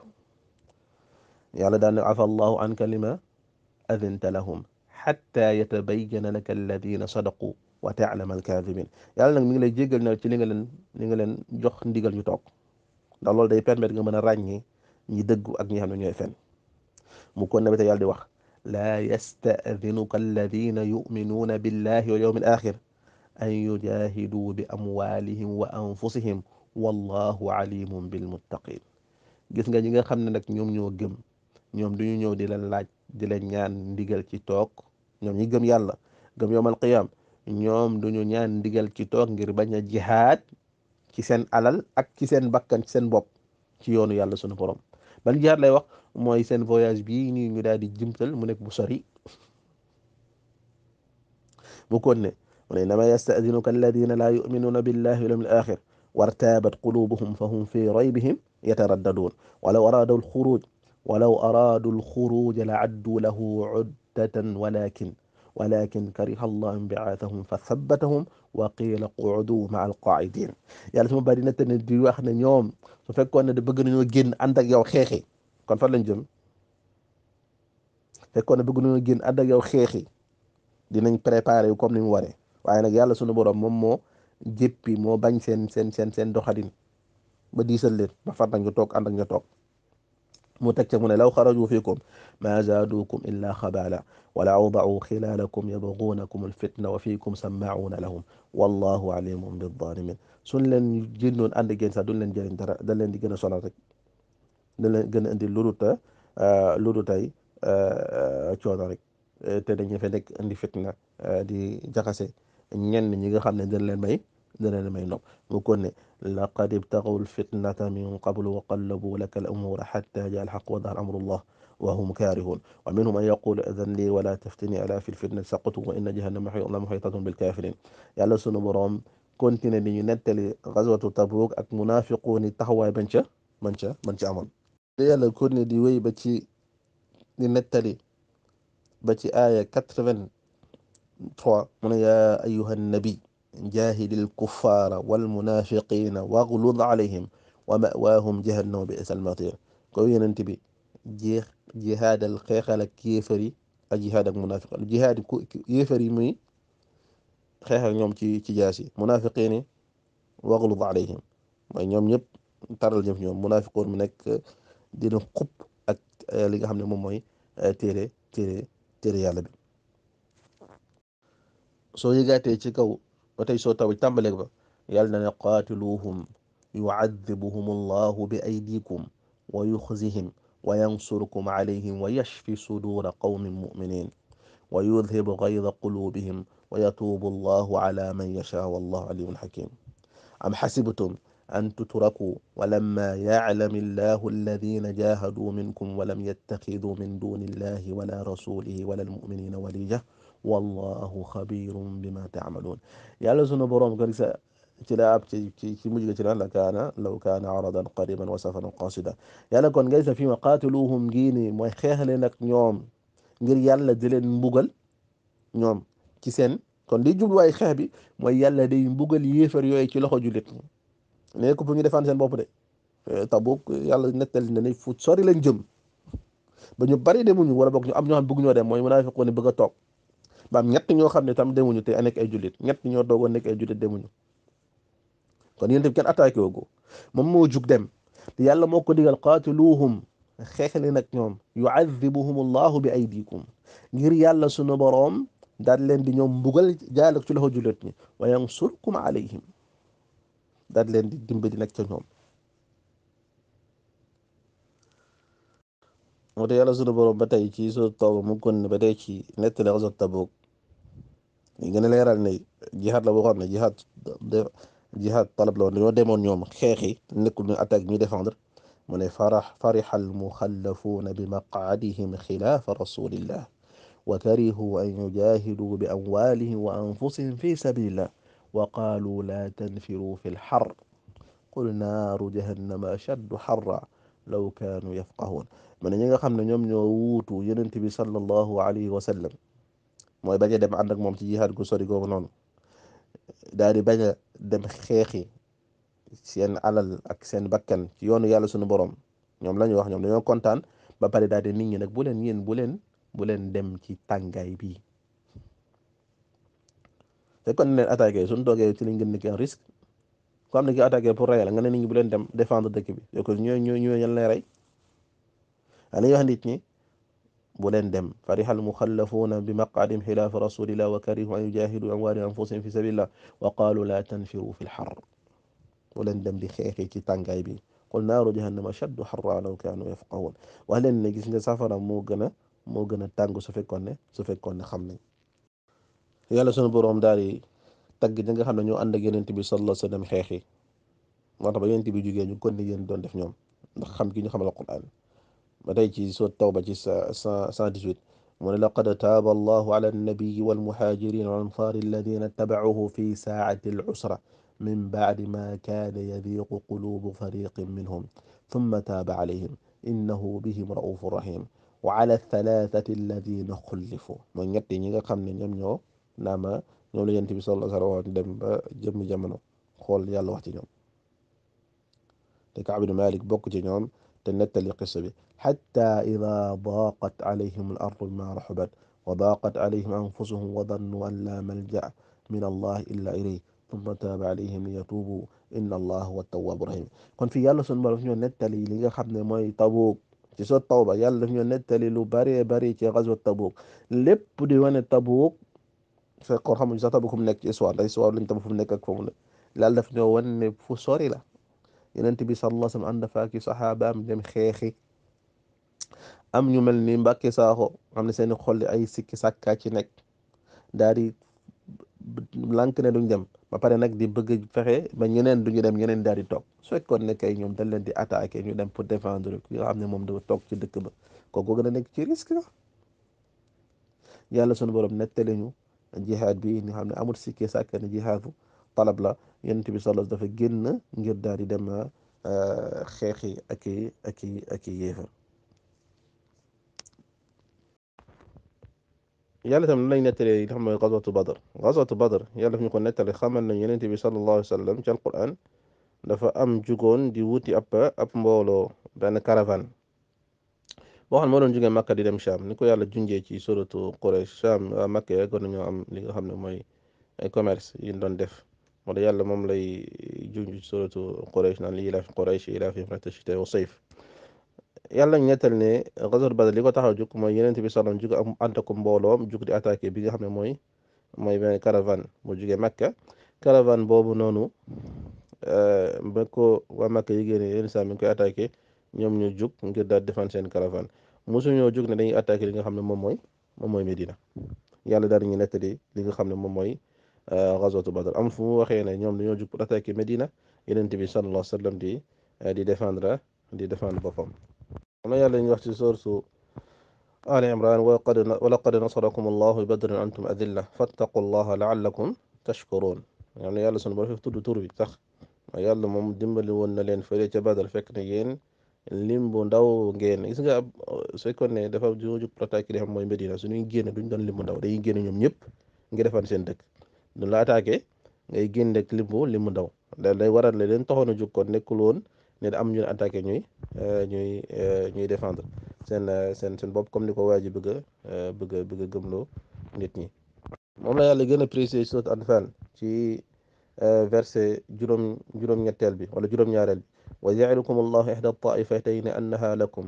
yàlla daan ne afa allahu anka lima adinta lahum xatta yatabayyana laka alladina sadaqu wa taalama alkaadimin yàlla nag mi ngi lay jéggal na ci li nga leen li nga leen jox ndigal ñu toog ndax loolu day permettre nga mën a ràññee ñi dëggu ak ñi xam ne ñooy fen mu kon na ba tey yàlla di wax laa yastadinuka alladina yuminuuna billahi wal yawmi al axir an yujahidu bi amwalihim wa anfusihim wallahu alimun bil muttaqin gis nga ñi nga xam ne nag ñoom ñoo gëm ñoom duñu ñëw di la laaj di la ñaan ndigal ci toog ñom ñi gëm yàlla gëm yowmal qiyam ñom duñu ñaan ndigal ci tok ngir baña jihad ci sen alal ak ci sen bakkan ci sen bop ci yoonu yàlla sunu borom ban jihad lay wax moy sen voyage bi nii ñu daal di jimtal mu nek bu sori bu ko ne mu ne innama yastadinuka alladina la yu'minuna billahi wal akhir axir wartaabat qulubuhum fa hum fi raybihim yataraddaduun walaw araadu alxuruj walaw araadu alxuruj la addu lahu مؤتة ولكن ولكن كره الله انبعاثهم فثبتهم وقيل قعدوا مع القاعدين يا سما بارينا تن دي واخنا نيوم سو فكو ان دي بغن نيو ген اندك ياو خيخي كون فا لنجم فكو ان بغن نيو ген اندك ياو خيخي دي نن بريباريو كوم نيم واري واي نك يالا سونو بوروم جيبي مو باج سين سين سين سين دوخالين ba diisal leen ba far na nga toog ànd mu teg ca mu ne law xaraju fikum ma zaadukum illa xabaala wala awdau xilaalakum yabguunakum alfitna wa fiikum sammaauuna lahum wallahu alimun bidaalimin suñ leen jëndoon ànd géen sax duñ leen jëriñ dara dañ leen di gën a sonal rek dañ leen gën a indi luduta ah, ludutay ah, coono rek te dañu fe nekk indi fitna ah, di jaxase ñenn ñi nga xam ne dañ leen may دلال مينو وكن لقد ابتغوا الفتنة من قبل وقلبوا لك الأمور حتى جاء الحق وظهر أمر الله وهم كارهون ومنهم من يقول اذن لي ولا تفتني على في الفتنة سقط وإن جهنم محيطة بالكافرين يلا سنو بروم كنت نبي ينتل غزوة تبوك أك منافقون تحوى بنشا بنشا بنشا أمان يلا كن ديوي بشي ننتلي بشي آية 83 من يا أيها النبي jaahidi alkuffaara walmunaafiqiina waglud alayhim wa mawaahum jahannama bi isal masiir kow yonent bi jeex jihaadal xeexal ak yéefar yi ak jihaad ak munaafiq jihaad ku yéefar yi muy xeex ak ñoom ci ci jaas yi munaafiqiin yi waglud alayhim mooy ñoom ñëpp taral ñëpp ñoom munaafiqoon mu nekk eh, dina xub ak eh, li nga xam ne moom mooy eh, téere téere téere yàlla bi soo ci kaw ba tey soo tawee tàmbaleeg ba yàlla na ne qaatiluuhum yucadibuhum allahu bi aydikum wa yuxzihim wa yansurukum calayhim wa yashfi suduura qawmin muminin wa yudhibu gayda quluubihim wa yatuubu allahu cala man yashaa wallahu calimun xakim am xasibtum أن تتركوا ولما يعلم الله الذين جاهدوا منكم ولم يتخذوا من دون الله ولا رسوله ولا المؤمنين وليجه wallahu xabirum bima taamaluun yàlla sunu boroom kër sa ci la ab ci ci mujj ga ci la la kaana law kaana aradan qariban wa safaran qasida yàlla kon ngay sa fi ma qaatiluhum gii nii mooy xeex leen ak ñoom ngir yàlla di leen mbugal ñoom ci seen kon li jubluwaay xeex bi mooy yàlla day mbugal yéefar yooyu ci loxo jullit nee ko pour ñu defaan seen bopp de Tabuk yàlla nettali na ne fu sori lañ jëm ba ñu bari demuñu wala boog ñu am ñoo xam bëgg ñoo dem mooy munaafiqoon ne bëgg a toog ba am ñett ñoo xam ne tam demuñu te nekk ay julit ñett ñoo doogoon nekk ay jullit demuñu kon yéen tam kenn attaqué woogu moom moo jug dem te yàlla moo ko digal qaatiluhum xeex leen ak ñoom yuadibuhum allahu bi aydikum ngir yàlla sunu boroom daal leen di ñoom mbugal jaal ci loxo jullit ñi wa yansurkum alayhim daal leen di dimbali nag ca yàlla sunu boroom ba tey ci sura Tawba mu kon ba tey ci nettali ñu gën a leeral ne jihaad la waxoon ne jihaad jihaad talab la woon dañoo demoon ñoom xeex yi nekkul ñu attaque ñu défendre mu ne farax farixa almuxallafuuna bi maqaadihim xilaafa rasulillah wa karihuu an yujahiduu bi amwaalihim wa anfusihim fi sabilillah wa qaaluu laa tanfiruu fi lxar qul naaru jahannama ashaddu xarra law kaanu yafqahuun mu ne ñi nga xam ne ñoom ñoo wuutu yonent bi sallallahu alayhi wa sallam mooy bañ a dem ànd ak moom ci jihaad gu sori googu noonu daal di bañ a dem xeexi seen alal ak seen bakkan ci yoonu yàlla suñu borom ñoom la wax ñoom dañoo kontaan ba pare daal di nit ñi nag bu leen yéen bu leen bu leen dem ci tàngaay bii te kon leen attaqué suñu toogee ci liñ gën nekk un risque ku am ne ki attaqué pour rey la nga ne nit ñi bu leen dem défendre dëkk bi yow ko ñoo ñoo ñoo ñan lay rey wax nit ñi bu leen dem fariha almuxallafuuna bi maqaadim xilaafi rasulillah wa karihu an yujahidu amwaali anfusihim fi sabilillah wa qaalu laa fi lxar bu leen dem di xeexi ci tàngaay bi qul naaru jahannama shaddu xarra law kaanu yafqahuun wax leen ne gis nga safara moo gën a moo gën a su fekkoon ne su fekkoon ne xam nañ yàlla sunu boroom daal di tagg ñi nga xam ne ñoo ànd ak yonent bi sallallahu alayhi wa sallam xeexi moo tax ba yonent bi jógee ñu kon ne yéen doon def ñoom ndax xam gi ñu xamal alquran ماتاي سو سوره التوبه 118 من لقد تاب الله على النبي والمهاجرين والانصار الذين اتبعوه في ساعه العسره من بعد ما كاد يذيق قلوب فريق منهم ثم تاب عليهم انه بهم رؤوف رحيم وعلى الثلاثه الذين خلفوا من نيت نعم خامن نيوم نيو ناما نيوم لا ينتبي صلى الله عليه وسلم دم با جيم جامانو خول يالا واخ تي نيوم تي كعب بن مالك بوك تي نيوم النت اللي قص حتى إذا ضاقت عليهم الأرض ما رحبت وضاقت عليهم أنفسهم وظنوا أن لا ملجأ من الله إلا إليه ثم تاب عليهم ليتوبوا إن الله هو التواب الرحيم كون في يالله سنبا رفنيو النت لي لغا خبنا موي طبوك جسو الطوبة يالله فنيو النت لي لو باري باري تي غزو الطبوك لب ديوان الطبوك في قرحة مجزة طبوكم نك لا لأي سوار لنتبوكم نكك فمولي لا فنيو واني فو سوري لا yonent bi sallallahu alayhi wasallam ànd fa ak saxaabaam dem xeexi am ñu mel ni Mbàkke Saaxo xam ne seeni xolli ay sikki sàkkaa ci nekk daal di lànk ne duñ dem ba pare nag di bëgg fexe ba ñeneen duñu dem ñeneen daal di toog su fekkoon ne kay ñoom dañ leen di attaqué ñu dem pour défendre ki nga xam ne moom dafa toog ci dëkk ba kooku gën a nekk ci risque yàlla sunu borom nettali ñu jihaad bi ñu xam ne amul sikki sàkka ne jihaadu talab la yonent bi sallallahu dafa génn ngir daal di dem euh, xeexi ak i ak i ak i yéefar yàlla itam lañ nettali li nga xam mooy gazwatu badr gazwatu badr yàlla ñu ko nettali xamal nañ yonent bi sallallahu alayhi wa sallam dafa am jugoon di wuti ab ab mbooloo benn caravane boo xam ne moo doon jógee Makka di dem Cham ni ko yàlla junjee ci suratu Quraysh Cham Makka yeggoon nañoo am li nga xam ne mooy ay commerce yi ñu doon def moo yàlla moom lay junj suratu Quraysh naan li ilaafi Quraysh ilaafihim rihlat ash-shitaa'i wa sayf yàlla ñu nettal ne ghazwat Badr li ko tax mooy Yonent bi sallallahu alayhi wa am ànd ak mbooloom jóg di attaqué bi nga xam ne mooy mooy benn caravane mu jógee Makka boobu noonu euh, ba ko waa yi génne yenn saa mi ngi koy attaqué ñoom ñu daal défendre seen caravane mosu ñoo jóg ne dañuy li nga xam ne moom mooy yàlla daal ñu nettali li nga xam ne moom mooy. Euh, ghazwatu badr am fu mu waxee ne ñoom dañoo jug pour attaquer Medina yonent bi sallallahu alayhi wa sallam di euh, di défendre di défendre boppam am na yàlla ñu wax ci sourate Ali Imran wa laqad nasarakum allahu bi badrin antum adilla fattaqu llaha la'allakum tashkurun am na yàlla sunu borom tudd tur bi tax yàlla moom dimbali woon na leen fële ca Badar fekk na yéen lim bu ndaw ngeen gis nga su fekkoon ne dafa jug pour attaquer li xam mooy Medina su ñuy génn duñ doon lim bu ndaw dañuy génn ñoom ñëpp ngi defaan seen dëkk du la attaqué ngay génn rek lim bu lim mu ndaw da day waral la leen taxoon a jóg kon nekkul woon ne da am ñu attaqué ñuy euh, ñuy euh, ñuy défendre seen euh, seen seen bopp comme ni ko waa ji bëgg a bëgg a bëgg nit ñi. moom la yàlla gën a précisé surat Anfal ci verset juróom juróom-ñetteel bi wala juróom-ñaareel bi wa ya'idukum allahu ihda ta'ifatayni annaha lakum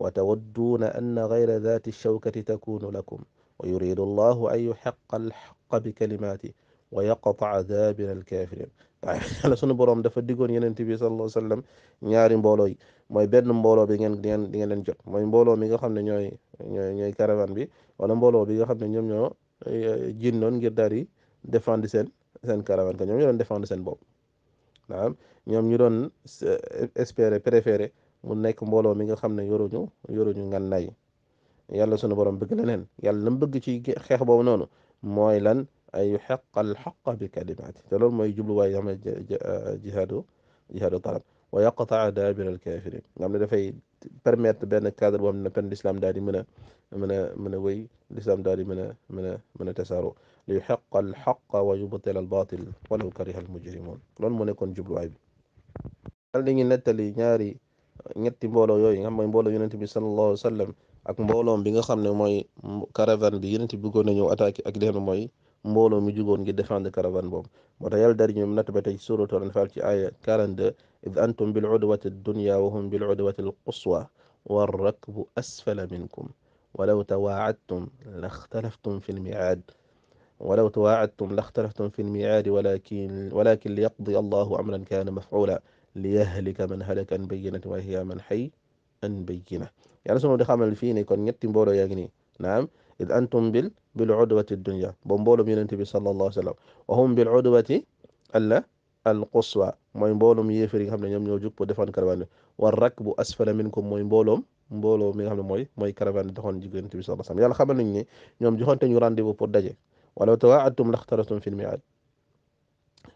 wa tawadduuna anna ghayra dhati shawkati takunu lakum wa yuridu allahu an yuxaqa alxaqa bi kalimaati wa yaqtaa daabira alkafirin waaye yàlla sunu boroom dafa diggoon yenent bi sallallahu alayhi wa sallam ñaari mbooloo yi mooy benn mbooloo bi ngeen di di ngeen leen jot mooy mbooloo mi nga xam ne ñooy ñooy ñooy caravane bi wala mbooloo bi nga xam ne ñoom ñoo eh, jinnoon ngir daal di défendre seen seen caravane ko ñoom ñu doon défendre seen bopp ñoom ñu doon eh, espérer préférer mu nekk mbooloo mi nga xam ne yoruñu yoruñu ngan nay يلا سنو بروم بغلنن يلا نمبغ شي خيخ بوب نونو موي يحق الحق بالكلمات تلول موي جبل واي جامع آه، جهادو جهادو طلب ويقطع دابر الكافرين نعم دا فاي بيرميت بن كادر بوم نبن الاسلام دادي منا منا منا وي الاسلام دادي منا منا منا تسارو ليحق الحق ويبطل الباطل ولو كره المجرمون لول مو نيكون جبل واي قال لي نتالي نياري نيتي مبولو يوي نعم مبولو يونتي بي صلى الله عليه وسلم ak mbooloom bi nga xamne moy caravane bi yeenati bi bëggoon na ñëw ak dem moy ne mi jugoon ngir défendre caravane bob mota tax yàlla dari ñoom natt ba surat suratul anfal ci aya 42 id antum bil udwati dunya wa hum bil udwati al-quswa war rakb asfala minkum walaw tawaacadtum laxtalaftum fi lmicaad ولو تواعدتم لاختلفتم في الميعاد ولكن ولكن ليقضي الله امرا كان مفعولا ليهلك من هلك عن بينه وهي من حي عن بينه yàlla suma di xamal fii ne kon ñetti mbooloo yaa ngi nii naam id antum bil bil udwati dunya ba mboolum yonente bi sallallahu alayhi wa sallam wa hum bil udwati alla al quswa mooy mboolum yéefar yi xam ne ñoom ñoo jug pour defaan caravane bi war rakbu asfala minkum mooy mbooloom mbooloo mi nga xam ne mooy mooy caravane bi doxoon jig yonente bi sallallahu alayhi wa sallam yàlla xamal nañ ne ñoom joxonte ñu rendez-vous pour daje walaw tawaadtum laxtarastum fil mi'ad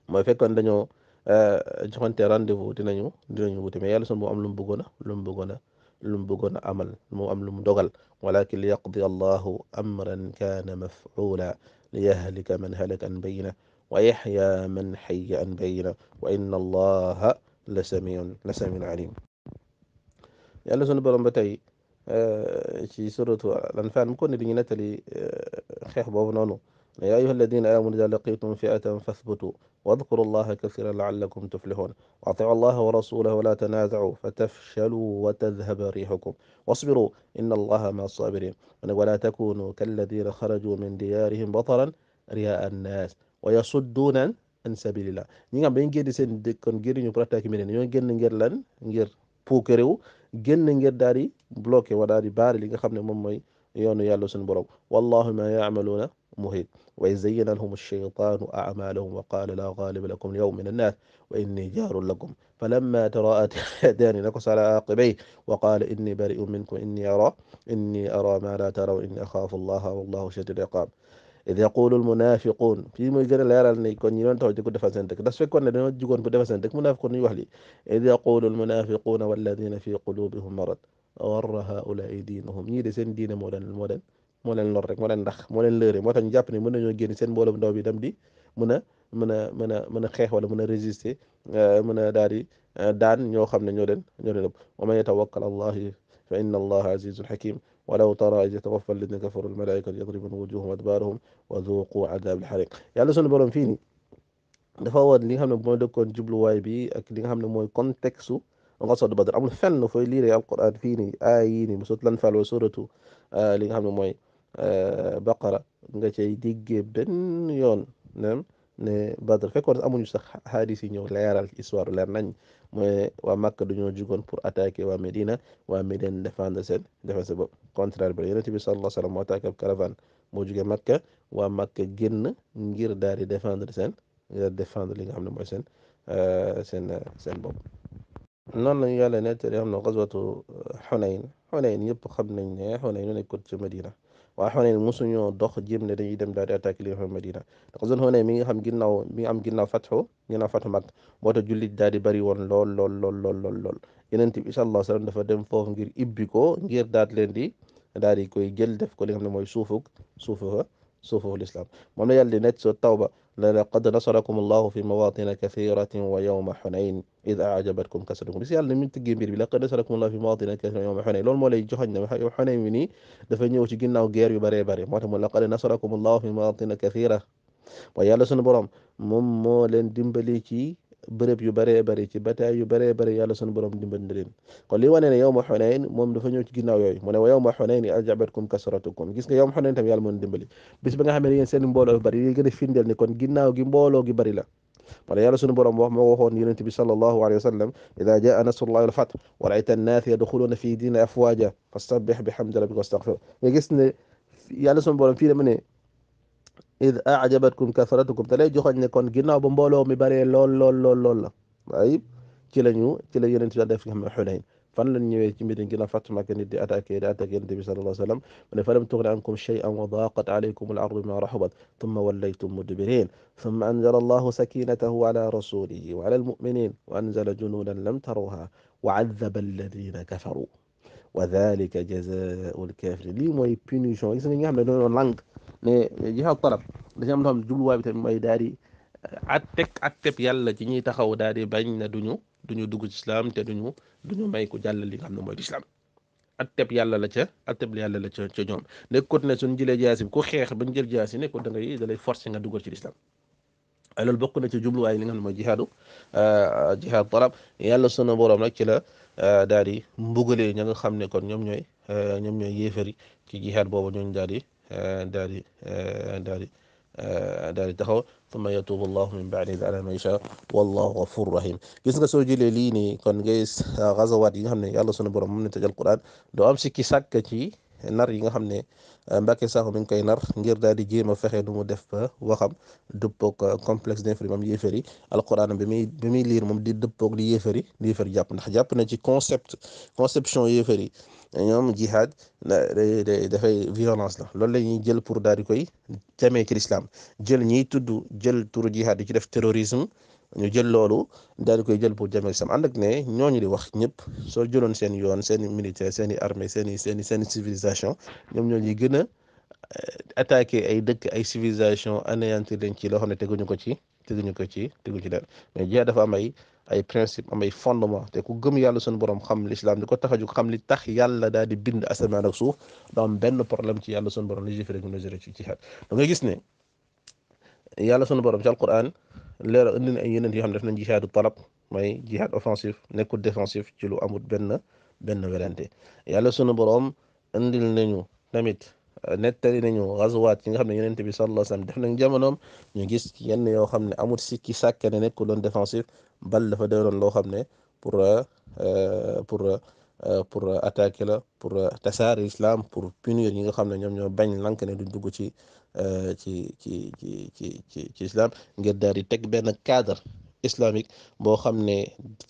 mooy fekkoon dañoo euh, joxonte rendez-vous dinañu dinañu wuti mais yàlla sunu boo am lu mu bëggoon a lu mu bëggoon a لم بغن أمل مو أم لم دغل ولكن ليقضي الله أمرا كان مفعولا ليهلك من هلك أن بينه ويحيى من حي أن بينه وإن الله لسميع لسميع عليم يا الله سنو برم آه، سورة الأنفال مكون بنينة لي آه، خيخ بابنانو نونو يا أيها الذين آمنوا إذا لقيتم فئة فاثبتوا واذكروا الله كثيرا لعلكم تفلحون وأطيعوا الله ورسوله ولا تنازعوا فتفشلوا وتذهب ريحكم واصبروا إن الله مع الصابرين ولا تكونوا كالذين خرجوا من ديارهم بطرا رياء الناس ويصدون عن سبيل الله ñi nga bañ génn seen dëkkoon ngir ñu pratique mi ne ñoo génn ngir lan ngir puukarew génn ngir daal di bloqué wa daal di baari li nga xam ne moom mooy yoonu yàlla suñu مهيب وإذ زين لهم الشيطان أعمالهم وقال لا غالب لكم اليوم من الناس وإني جار لكم فلما تراءت يدان نقص على عاقبيه وقال إني بريء منكم إني أرى إني أرى ما لا تروا إني أخاف الله والله شديد العقاب إذ يقول المنافقون في muy gën أن leeral ne kon ñi doon taw di ko defal أن dëkk das fekkoon ne إذ يقول المنافقون والذين في قلوبهم مرض غر هؤلاء دينهم ñii de seen diine moo moo leen lor rek moo leen ndax moo leen lëre moo tax ñu jàpp ne mën nañoo génn seen mbooloo ndaw bi dem di mën a mën a mën a mën a xeex wala mën a résister euh, mën a daal di euh, daan ñoo xam ne ñoo leen ñoo leen ëpp wa man yatawakkal allahi fa inna allaha azizun hakim walaw tara iz yatawaffa alladina kafaru almalaikatu yadribuna wujuhum adbarahum wa zuqu adab alhariq yàlla sunu borom fii ni dafa woon li nga xam ne mooy dëkkoon jubluwaay bi ak li nga xam ne mooy contexte su xasad badr amul fenn fooy liiree alquran fii ni aay yii ni mu sut lan fal wa suratu euh, li nga xam ne mooy Euh, baqara nga cay déggee benn yoon ne badr fekkoon amuñu sax xaadis yi ñëw leeral ci histoire leer nañ mooy waa Makka dañoo jugoon pour attaquer waa Medina waa Medina défendre seen défense bopp contraire bi yonent bi sallallahu alayhi wa sallam moo attaqué ab moo jugee Makka waa Makka génn ngir daal di défendre seen ngir défendre li nga xam ne mooy seen euh, seen seen bopp noonu lañu yàlla nettali xam ne gazwatu Xunayn Xunayn ñëpp xam nañ ne Xunayn nekkoon ci Medina waaye xone ne mosuñoo dox jéem ne dañuy dem daal di attaqué li nga xam Madina ndax zone xone mi nga xam ginnaaw mi nga am ginna fatxu ginnaaw fatxu mag moo tax jullit daal di bëri woon lool lool lool lool lool lool yenent bi sallallahu dafa dem foofu ngir ibbi ko ngir daat leen di daal di koy jël def ko li nga xam ne mooy suufuk suufuka suufuk l'islam moom la yàlla di nekk soo tawba لقد نصركم الله في مواطن كثيرة ويوم حنين إذ أعجبتكم كسركم بس يلا من تجيب بيربي لقد نصركم الله في مواطن كثيرة ويوم حنين لون مولاي جهنم يوم حنين مني دفني يوم تجينا وغير يبري بري موتهم لقد نصركم الله في مواطن كثيرة لسن برام مم مولن دمبليكي bërëb yu ci bataay yu baree bari yàlla sunu borom dimbali kon li wane ne yow ma xunayn moom dafa ñëw ci ginnaaw wa yow ma xunayn kasratukum gis nga yow tam yàlla moo dimbali bis bi nga xam ne yéen seen mbooloo gi mbooloo gi bari la wala yàlla sunu borom wax moo waxoon yonent bi sallallahu alayhi wa sallam ida jaa nasrullahi wal fath wa raayta annaas fi diini afwaaja fastabbih bihamdi rabbika wastaghfir nga gis ne yàlla sunu borom fii id ajabatkum kasratukum te lay joxoñ ne kon ginnaaw ba mbooloo mi baree lool lool lool lool la ayib ci lañu ci la yeneen ci def nga xam ne xunayn fan lañ ñëwee ci mbiri ginnaaw fàttuma que nit di attaqué di attaqué yonent bi sallallahu alayhi wa sallam mu ne fa lam tughni ankum shay'an wa daqat alaykum al-ardu bima rahabat thumma wallaytum mudbirin thumma anzala allahu sakinatahu ala rasulihi wa ala al-mu'minin wa anzala junudan lam taruha wa 'adhaba alladhina kafaru وذلك جزاء الكافرين لي موي بونيشن غيس نيغا خامل دون لانغ ني جي هاك طرب باش نعمل لهم جوبل واي تام موي داري اتك اتب يالا جي ني تاخاو داري باغ نا دونيو دونيو دوغ الاسلام تي دونيو دونيو ماي كو جالال لي خامل موي الاسلام اتب يالا لا تي اتب يالا لا تي جوم نيكوت ني سون جيلي جاسيم كو خيخ بن جيل جاسيم نيكو داغي دالاي فورسي nga دوغل سي الاسلام alal bokku na ci jumlu way li nga xam moy eh, jihadu euh يالا سونو بوروم نك ci Euh, daal di mbugalee ña nga xam ne kon ñoom ñooy euh, ñoom ñooy yéefari ci jihaad boobu ñooñu daal di euh, daal di daal di daal di taxaw summa yatubu llahu min baadi ala man yasha wallahu ghafur rahim gis nga soo jëlee lii nii kon ngay gazawaat yi nga xam ne yàlla sunu borom moom ne tëjal Qur'an doo am sikki sàkk ci nar yi nga xam ne euh, Mbacké Sakho mi koy nar ngir daal di jéem a fexe nu mu def ba waxam dëppoog euh, complexe d'infériorité moom yéefar yi alquran bi muy bi muy liir moom di dëppoog di yéefar yi di yéefar jàpp ndax jàpp na ci concept conception yéefar yi ñoom jihad dafay violence la loolu la ñuy jël pour daal di koy jamee ci l'islam jël ñiy tudd jël turu jihad di ci def terrorisme ñu jël loolu daal di koy jël pour jàmm sam ànd ak ne ñooñu di wax ñëpp soo jëloon seen yoon seen militaire seen i armée seen i seen seen civilisation ñoom ñoo ñuy gën a attaqué ay dëkk ay civilisation anéantir leen ci loo xam ne teguñu ko ci teguñu ko ci teguñu ci dara mais jihaad dafa am ay ay principe am ay fondement te ku gëm yàlla suñu borom xam l'islam di ko tax xam li tax yàlla daal di bind asamaan ak suuf doo am benn problème ci yàlla suñu borom li jëfee rek ñu ci jihaad da nga gis ne yàlla suñu borom ci alquran leer indi na ay yeneen yi xam ne def nañ jihaadu talab mooy jihaad offensif nekkul défensif ci lu amul benn benn werante yàlla sunu borom andil nañu tamit nettali nañu gazawaat yi nga xam ne yonent bi sallallahu alayhi wasallam def nañ jamonoom ñu gis yenn yoo xam ne amul sikki sàkk ne nekkul doon défensif bal dafa doon loo xam ne pour pour Euh, pour euh, attaquer la pour euh, tasaare islam pour punir ñi nga xam ne ñoom ñoo bañ lank ne ñu dugg ci ci ci ci ci ci islam ngir daal di teg benn cadre islamique boo xam ne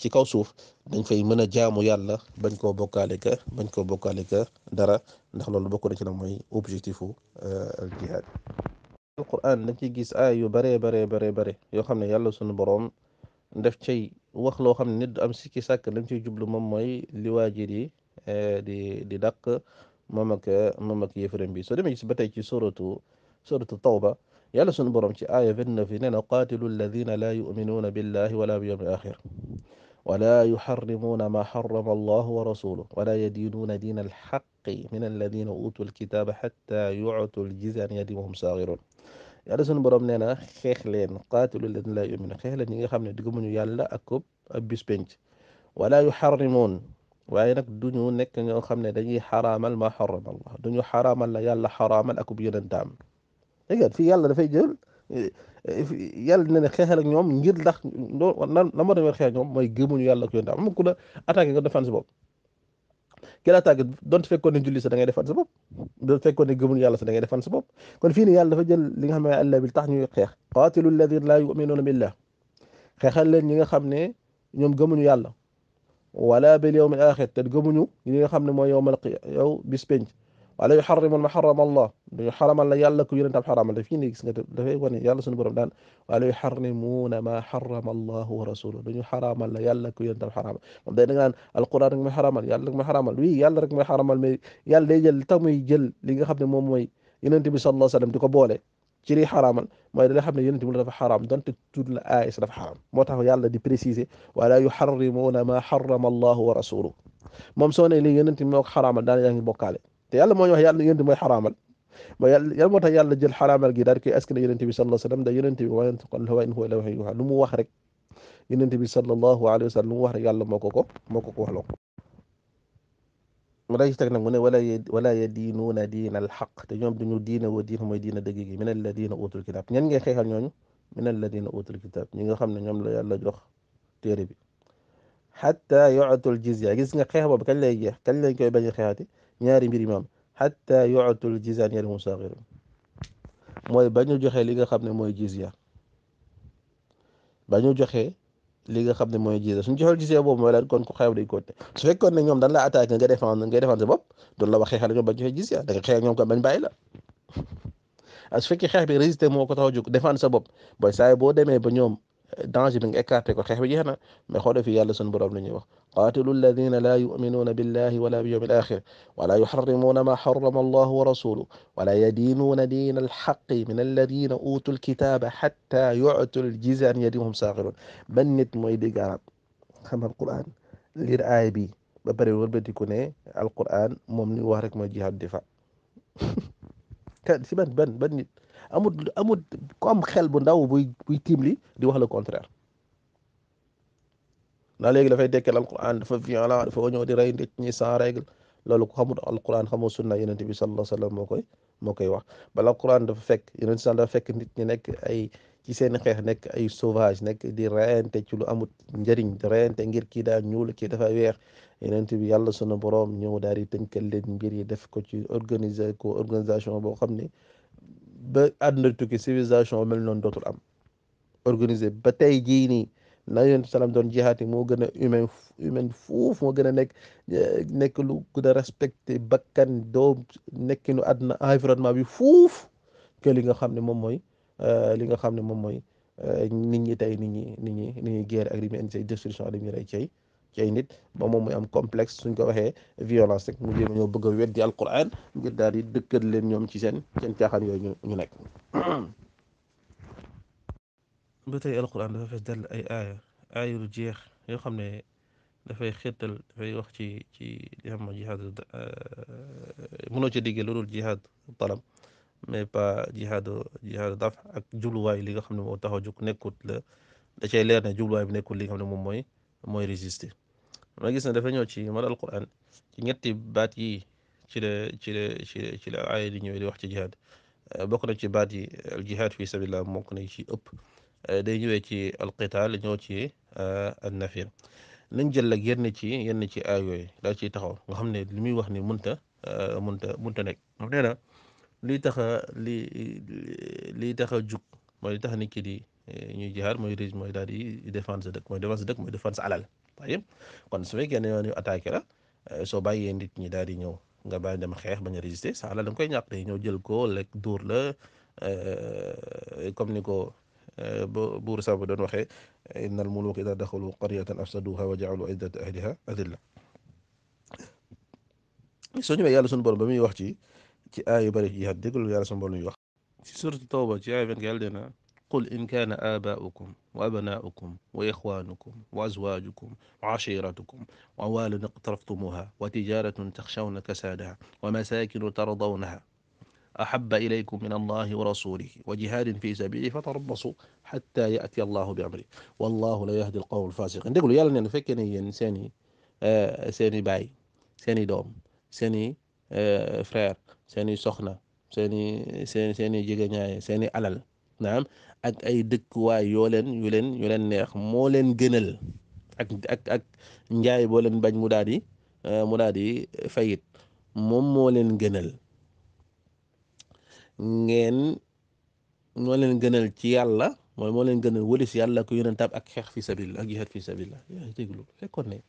ci kaw suuf dañ fay mën a jaamu yàlla bañ koo bokkaale ka bañ koo bokkaale ka dara ndax loolu bokk na ci nag mooy objectif u al jihad alquran dañ ciy gis ay yu bare bare bare bare yoo xam ne yàlla sunu boroom def cay wax loo xam ne nit du am sikki sàkk lañ ciy jublu moom mooy li waajir yi di di dàq moom ak moom ak yéefram bi soo demee gis ba tey ci suratu suratu tawba yàlla sunu borom ci aya 29 neuf yi nee na qaatilu alladina laa yuminuuna billahi wala bi yawmi axir ولا يحرمون ما حرم الله ورسوله ولا يدينون دين الحق من الذين أوتوا الكتاب حتى يعطوا الجزية عن يدهم صاغرون yala sunu borom nee na xeex leen qaatilu leen laa yu'minu xeex leen ñi nga xam ne digumuñu yàlla ak ko ab bis penc wala yu xarimoon waaye nag du ñu nekk ñoo xam ne dañuy xaraamal ma xarama allah du ñu xaraamal la yàlla xaraamal akub yonentaam dégg nga fii yàlla dafay jël eh, yàlla ne ne xeexal ak ñoom ngir ndax loo lan la ma doon xeex ñoom mooy gëmuñu yàlla ak yonentaam am ku la attaqué nga défense boobu ki la tàggat donte fekkoon ne julli sa da ngay defaan sa bopp donte fekkoon ne gëmul yàlla sa da ngay defaan sa bopp kon fii ni yàlla dafa jël li nga xam ne àlla bi tax ñuy xeex qaatilu alladina la yuminuna billah xeexal leen ñi nga xam ne ñoom gëmuñu yàlla wala bil yawmil axir te gëmuñu ñi nga xam ne mooy yowmal yow bis penc ولا يحرم المحرم الله يحرم الله يلا كبير انت حرام اللي فيني غيس دافاي وني يلا سن بروم دان ولا يحرمون ما حرم الله ورسوله دني حرام الله يلا كبير انت حرام مبدا نان القران رك محرم يلا رك محرم وي يلا رك محرم يلا دي جيل تامي جيل ليغا خامني موم موي يننتي بي صلى الله عليه وسلم ديكو بوله تشري حرام ما دا خامني يننتي مول دا حرام دونت تود لا ايس دا حرام موتاخ يلا دي بريسيزي ولا يحرمون ما حرم الله ورسوله موم سوني لي يننتي موك حرام دا يانغي بوكالي te yàlla moo ñu wax yàlla yonent mooy xaraamal mooy yàlla yàlla moo tax yàlla jël xaraamal gi daal koy askan yonent bi sallallahu alayhi wa sallam da yonent bi wa in huwa illa wahyun yuuhaa lu mu wax rek yonent bi sallallahu alayhi wa sallam lu mu wax rek yàlla moo ko ko moo ko ko wax loo mu day teg nag mu ne wala wala yadiinuuna diina alxaq te ñoom duñu diina woo diina mooy diina dëgg gi min alladina utul kitab ñan ngay xeexal ñooñu min alladina utul kitab ñi nga xam ne ñoom la yàlla jox téere bi xatta yu'tul jizya gis nga xeex boobu kañ lay jeex kañ lañ koy bañ a xeexati ñaari mbir imam hatta yu'tu al-jizya yal al-musaghir moy bañu joxe li nga xamne moy jizya bañu joxe li nga xamne moy jizya suñu joxeel jizya bobu mooy lan kon ku xew day ko te su fekkoon ne ñoom dañ la attaqué nga défendre nga défendre sa do la waxe xal nga bañu joxe jizya da nga xeex ñom ko bañ bay la as fekk xex bi résister moko taw juk a défendre sa bopp boy say bo démé ba ñom danger bi nga écarté ko xex bi jeex mais xoole fii yàlla sun borom lañuy wax qatilu alladhina la yu'minuna billahi wala bil yawmil akhir wala yuharrimuna ma harrama allah wa rasuluhu wala yadiinuuna diina alxaqi min alladhina utul kitaba hatta yu'tul aljizya an yadin hum ban nit moy di garab xam alquran lir ay bi ba bari pare ko ne alquran mom ni wax rek mooy jihad difa kan si ban ban ban nit amul amul ku am xel bu ndaw buy buy tiim li di wax le contraire ndax léegi dafay dekkeel alquran dafa violent dafa ñëw di rey nit ñi sans règle loolu ku xamul alquran xamoo sunna yonent bi sallallahu alayhi wa sallam moo koy moo koy wax bala alquran dafa fekk yonent sallallahu dafa fekk nit ñi nekk ay ci seen xeex nekk ay sauvage nekk di reyante ci lu amut njëriñ di reyante ngir kii daa ñuul kii dafa weex yeneen bi yàlla sunu boroom ñëw daal di tënkal leen mbir yi def ko ci organiser ko organisation boo xam ne ba àdduna tukki civilisation mel noon dootul am organisé ba tey jii nii na yonent salaam doon jihaat yi moo gën a humain humain fuuf moo gën a nekk eh, nekk lu gën a respecté bakkan doom nekkinu àdduna environnement bi fuuf que li nga xam ne moom mooy eh, li nga xam ne moom mooy eh, nit ñi tey nit ñi nit ñi nit ñi guerre ak li ñuy indi say destruction ak li ñuy rey cey ci ay nit ba moom muy am complexe suñ ko waxee violence rek mu jéem a ñoo bëgg a weddi alquran ngir daal di dëkkal leen ñoom ci seen seen caaxaan yooyu ñu nekk ba tey alquran dafa fees dell ay aaya aaya lu jeex yoo xam ne dafay xeetal dafay wax ci ci li xam jihaad mënoo ci diggee loolu jihaad talab mais pas jihaadu jihaadu daf ak jubluwaay li nga xam ne moo taxaw jóg nekkut la da cay leer ne jubluwaay bi nekkul li nga xam ne moom mooy mooy résister ma gis na dafa ñëw ci mar alquran ci ñetti baat yii ci la ci la ci la ci la aaya di ñëwee di wax ci jihaad eh, bokk na ci baat yi al jihaad fi sabilillah mokk na ci ëpp eh, day ñëwee ci alqital ñëw ci eh, an nafir lañ jël ak yenn ci yenn ci yooyu ciy taxaw nga xam ne li muy wax ni munta munta munta nekk daf nee na lii tax a li lii tax a jug mooy li tax nit ki di ñuy jihaad mooy mooy daal di défense dëkk mooy défense dëkk mooy défense alal tayib kon su fekkee ne yoon yu attaqué la eh, soo bàyyee nit ñi daal di ñëw nga bàyyi dem xeex bañ a résister sa alal da nga koy ñàkk day ñëw jël ko lekk dóor la eh, comme ni ko eh, buur Saba doon waxee innal muluuka idaa daxalu qaryatan afsaduha wa ja'alu iddata ahliha adilla soo ñëwee yàlla sunu borom ba muy wax ci ci aay yu bëri jihaad déggul yàlla sunu borom lu ñuy wax ci suuratu Tawba ci aay benn yàlla dina قل إن كان آباؤكم وأبناؤكم وإخوانكم وأزواجكم وعشيرتكم وأموال اقترفتموها وتجارة تخشون كسادها ومساكن ترضونها أحب إليكم من الله ورسوله وجهاد في سبيله فتربصوا حتى يأتي الله بأمره والله لا يهدي القوم الفاسقين دقلوا يلا نفكني ساني آه ساني باي ساني دوم ساني آه فرير ساني سخنة ساني ساني ساني جيجانياي ساني ألل نعم اك اي دك وا يولن يولن يولن نيه مولن گنل اك اك اك نجاي بولن باج مودادي مودادي فايت موم مولن گنل نين مولن گنل تي يالا مول مولن گنل وليس يالا كو يونتاب اك خخ في سبيل الله جهاد في سبيل الله يا تيغلو فكون ني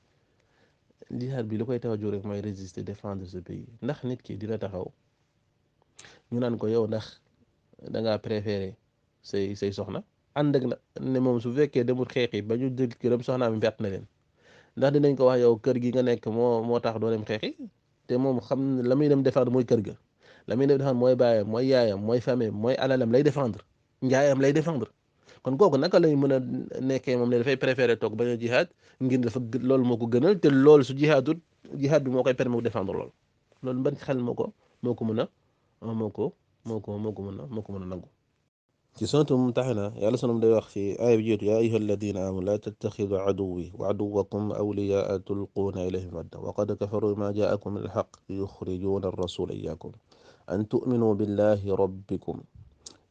جهاد بي لوكاي تاجو رك ماي ريزيست ديفاندر سو بي نخ نيت كي دينا تاخاو ني نان كو يو نخ داغا بريفيري say say soxna ànd ak na ne moom su fekkee demul xeex yi ba ñu jël këram soxnaa mi perte na leen ndax dinañ ko wax yow kër gi nga nekk moo moo tax doo dem xeex yi te moom xam la muy dem défendre mooy kër ga la muy dem défendre mooy baayam mooy yaayam mooy famille mooy alalam lay defendre njaayam lay défendre kon kooku naka lay mën a nekkee moom ne dafay préférer toog bañ a jihaad ngir dafa loolu moo ko gënal te lool su jihaadut jihaad bi moo koy permettre défendre loolu loolu ban xel moo ko moo ko mën a moo ko moo ko moo ko mën a moo ko mën a nangu في سنة ممتحنة يا لسنا من دواخ في آية بجيت يا أيها الذين آمنوا لا تتخذوا عدوي وعدوكم أولياء تلقون إليهم مدة وقد كفروا ما جاءكم من الحق يخرجون الرسول إياكم أن تؤمنوا بالله ربكم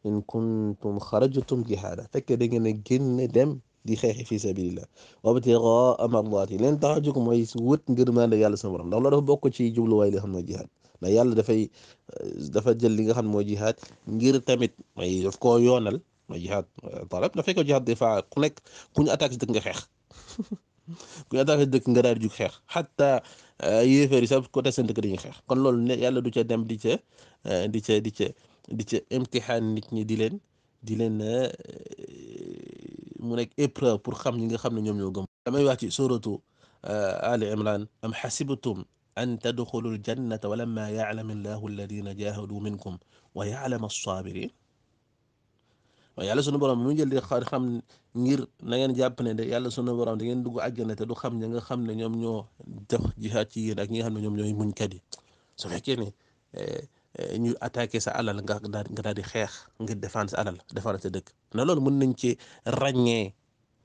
إن كنتم خرجتم جهادا فكر دين جن دم دي خيخ في سبيل الله وابتغاء مرضاتي لن تحجكم ويسوت نجرمان يا لسنا من دواخ لا رفبوكو شي جبل ويلهم جهاد mais yàlla dafay dafa jël li nga xam mooy jihaad ngir tamit may daf koo yoonal mooy jihaad talab dafay ko jihaad des fois ku nekk ku ñu attaque si dëkk nga xeex ku ñu attaque si dëkk nga daal di jug xeex xatta yéefar yi sax côté seen dëkk dañuy xeex kon loolu ne yàlla du ca dem di ca di ca di ca di ca imtixaan nit ñi di leen di leen mu nekk épreuve pour xam ñi nga xam ne ñoom ñoo gëm damay wax ci suratu Ali Imran am xasibatum أن تدخلوا الجنة ولما يعلم الله الذين جاهدوا منكم ويعلم الصابرين ويعلى سنو برام من جل خار خم نير نعين جاب نيد يعلى سنو برام دين دعو أجنة تدو خم نعين خم نعيم نيو ده جهاتي نعين خم نعيم نيو من كدي سفكيني ñu attaquer sa alal nga nga daal di xeex nga défendre sa alal défendre sa dëkk na loolu mën nañ ci ràññee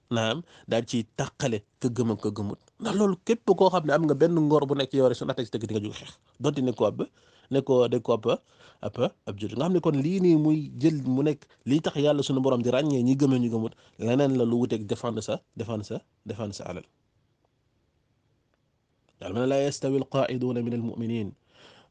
naam daal ci tàqale ka gëm ak ka gëmut ndax loolu képp koo xam ne am nga benn ngor bu nekk yow rek su nattee si dëgg di nga jóg xeex donte ne ko ab ne ko de ko ab ab ab jullit nga xam ne kon lii nii muy jël mu nekk lii tax yàlla suñu borom di ràññee ñi gëm ñu gëmut leneen la lu wuteeg défendre sa défendre sa défendre sa alal yàlla mën na laa yastawi alqaaiduna min almuminin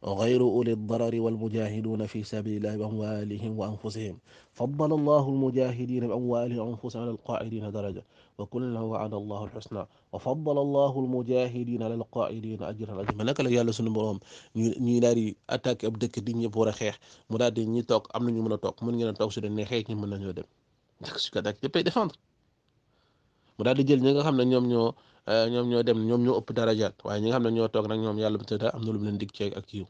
غير أولي الضرر والمجاهدون في سبيل الله بأموالهم وأنفسهم فضل الله المجاهدين بأموالهم وأنفسهم على القاعدين درجة وكلا وعد الله الحسنى وفضل الله المجاهدين على القاعدين أجرا عظيما naka la yàlla sunu borom ñu ñu daal di attaqué ab dëkk di ñëpp war a xeex mu daal di ñi toog am na ñu mën a toog mën ngeen a toog su dee ne xeex ñi mën nañoo dem ndax su ko daal di défendre mu daal di jël ñi nga xam ne ñoom ñoo Euh, ñoom ñoo dem ñoom ñoo ëpp darajaat waaye ñi nga xam ne ñoo toog nag ñoom yàlla bu tëdda am na lu mu leen dig ceeg ak yiw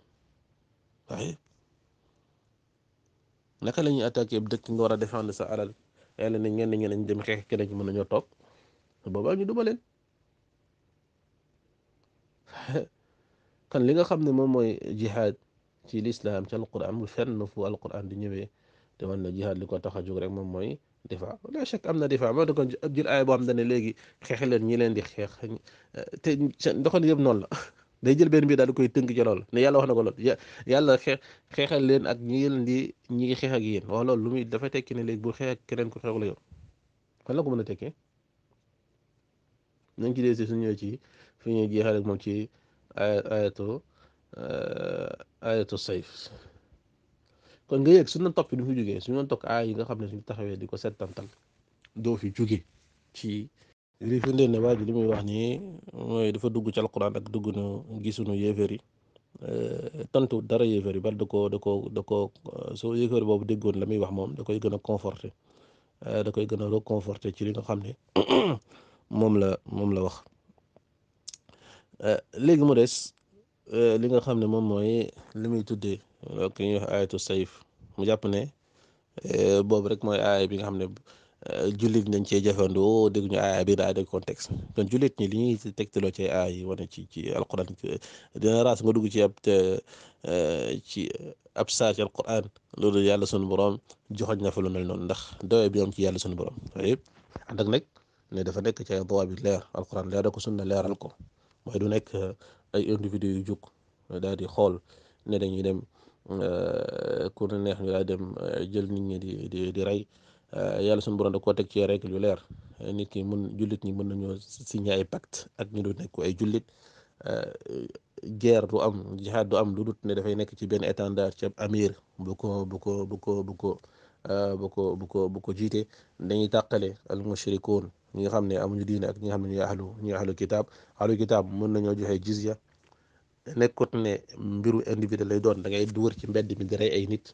waaye naka la ñuy attaqué dëkk nga a défendre sa alal yàlla ne ñenn ñeneen dem xeex keneen mën nañoo toog boobaa ñu duma leen kan li nga xam ne moom mooy jihaad ci lislaam ci alquran amul fenn fu alquran di ñëwee te wan na jihaad li ko tax a jóg rek moom mooy difaa la chak am na difaa moo da kon jël aaya boo xam ne léegi xeex leen ñi leen di xeex te ndoxal yëpp noonu la day jël benn mbir daal di koy tënk ci ne yàlla wax na ko loolu yàlla xeex xeexal leen ak ñi leen di ñi ngi xeex ak yéen waaw lu muy dafa tekki ne léegi bu xeex ak keneen ko xeex la yow fan la ko mën a tekkee nañ ci dee si suñu ñëwee ci fi ñuy jeexal ak moom ci ayatu euh, ayatu kon nga yëg suñu topp bi mu fi jógee suñu topp aay yi nga xam ne suñu taxawee di ko settantal doo fi jóge ci li fi ndeen ne waa ji li muy wax nii mooy dafa dugg ci alquran ak dugg na gisuñu yéeféer yi tontu dara yéeféer yi bal da ko da ko da ko soo yéeféer boobu déggoon la muy wax moom da koy gën a conforté da koy gën a reconforté ci li nga xam ne moom la moom la wax léegi mu des li nga xam ne moom mooy li muy tuddee loolu ki ñuy wax mu jàpp ne eh, boobu rek mooy aaya bi nga xam ne eh, jullit nañ cee jëfandoo dégg ñu aaya bi daa dégg contexte kon jullit ñi li ñuy tegtaloo ci aaya yi wane ci ci alquran dina raas nga dugg ci ab eh, ci ab saa ci alquran loolu yàlla sunu borom joxoñ na fa lu mel noonu ndax doye bi am ci yàlla sunu borom waaye ànd ak nag ne dafa nekk ci ay dawaab leer alquran leer da ko sunna leeral ko mooy du nekk ay individu yu jóg daal di xool ne dañuy dem. Euh, ku ne neex ñu daal dem euh, jël nit ñi di di di rey euh, yàlla suñu borom da koo teg ci règle yu leer nit ki mun jullit ñi mën nañoo signé ay pacte ak ñu du nekk ay jullit guerre du am jihad du am lu dut ne dafay nekk ci benn étendard ci ab amir bu ko bu ko bu ko bu ko bu ko bu ko bu ko jiite dañuy tàqale al mushrikoon ñi nga xam ne amuñu diine ak ñi xam ne ñuy ahlu ñuy ahlu kitaab ahlu kitaab mën nañoo joxe jizya nekkut ne mbiru individuel lay doon da ngay duwër ci mbedd mi di rey ay nit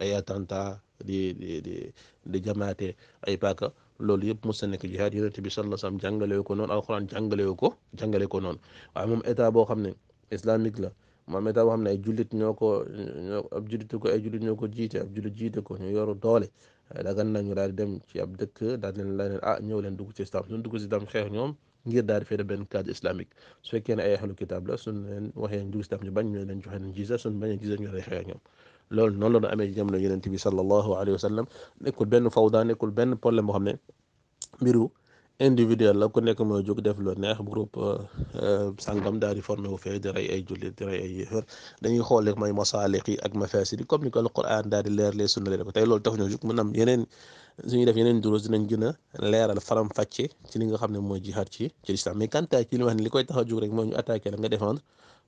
ay attentat di jamaate ay paaka loolu yëpp mos na nekk jihaad yonente bi sallallahu alayhi wasallam jàngale ko noonu alxuraan jàngale ko jàngale ko noonu waaye moom état boo xam ne islamique la moom état boo xam ne ay jullit ñoo ko ñoo ko ay jullit ñoo ko jiite ab jullit jiite ko ñu yor doole dagan nañu daal di dem ci ab dëkk daal leen la leen ah ñëw leen dugg ci islam suñ dugg ci islam xeex ñoom ngir daal di fay def benn cadre islamique su fekkee ne ay xelu kitaab la suñ leen waxee njug islaam ñu bañ ñu leen joxe nañ gisa suñ bañee gisa ñu lay xeex ak ñoom loolu noonu la doon amee jamono yonent bi sallallahu alayhi wa sallam nekkul benn fawda nekkul benn problème boo ne mbiru individuel la ku nekk mooy jóg def lu neex groupe euh, euh, sangam daal di formé wu fee di rey ay jullit di rey ay yéefar dañuy xool rek mooy masaalik yi ak mafasid yi comme ni ko alquran daal di leer lee sunna leen ko tey loolu tax ñu jóg mën am yeneen suñuy def yeneen duruus dinañ gën a leeral faram fàcce ci li nga xam ne mooy jihaad ci ci lislam mais quant à ci li wax ne li koy tax a jóg rek mooy ñu a nga défendre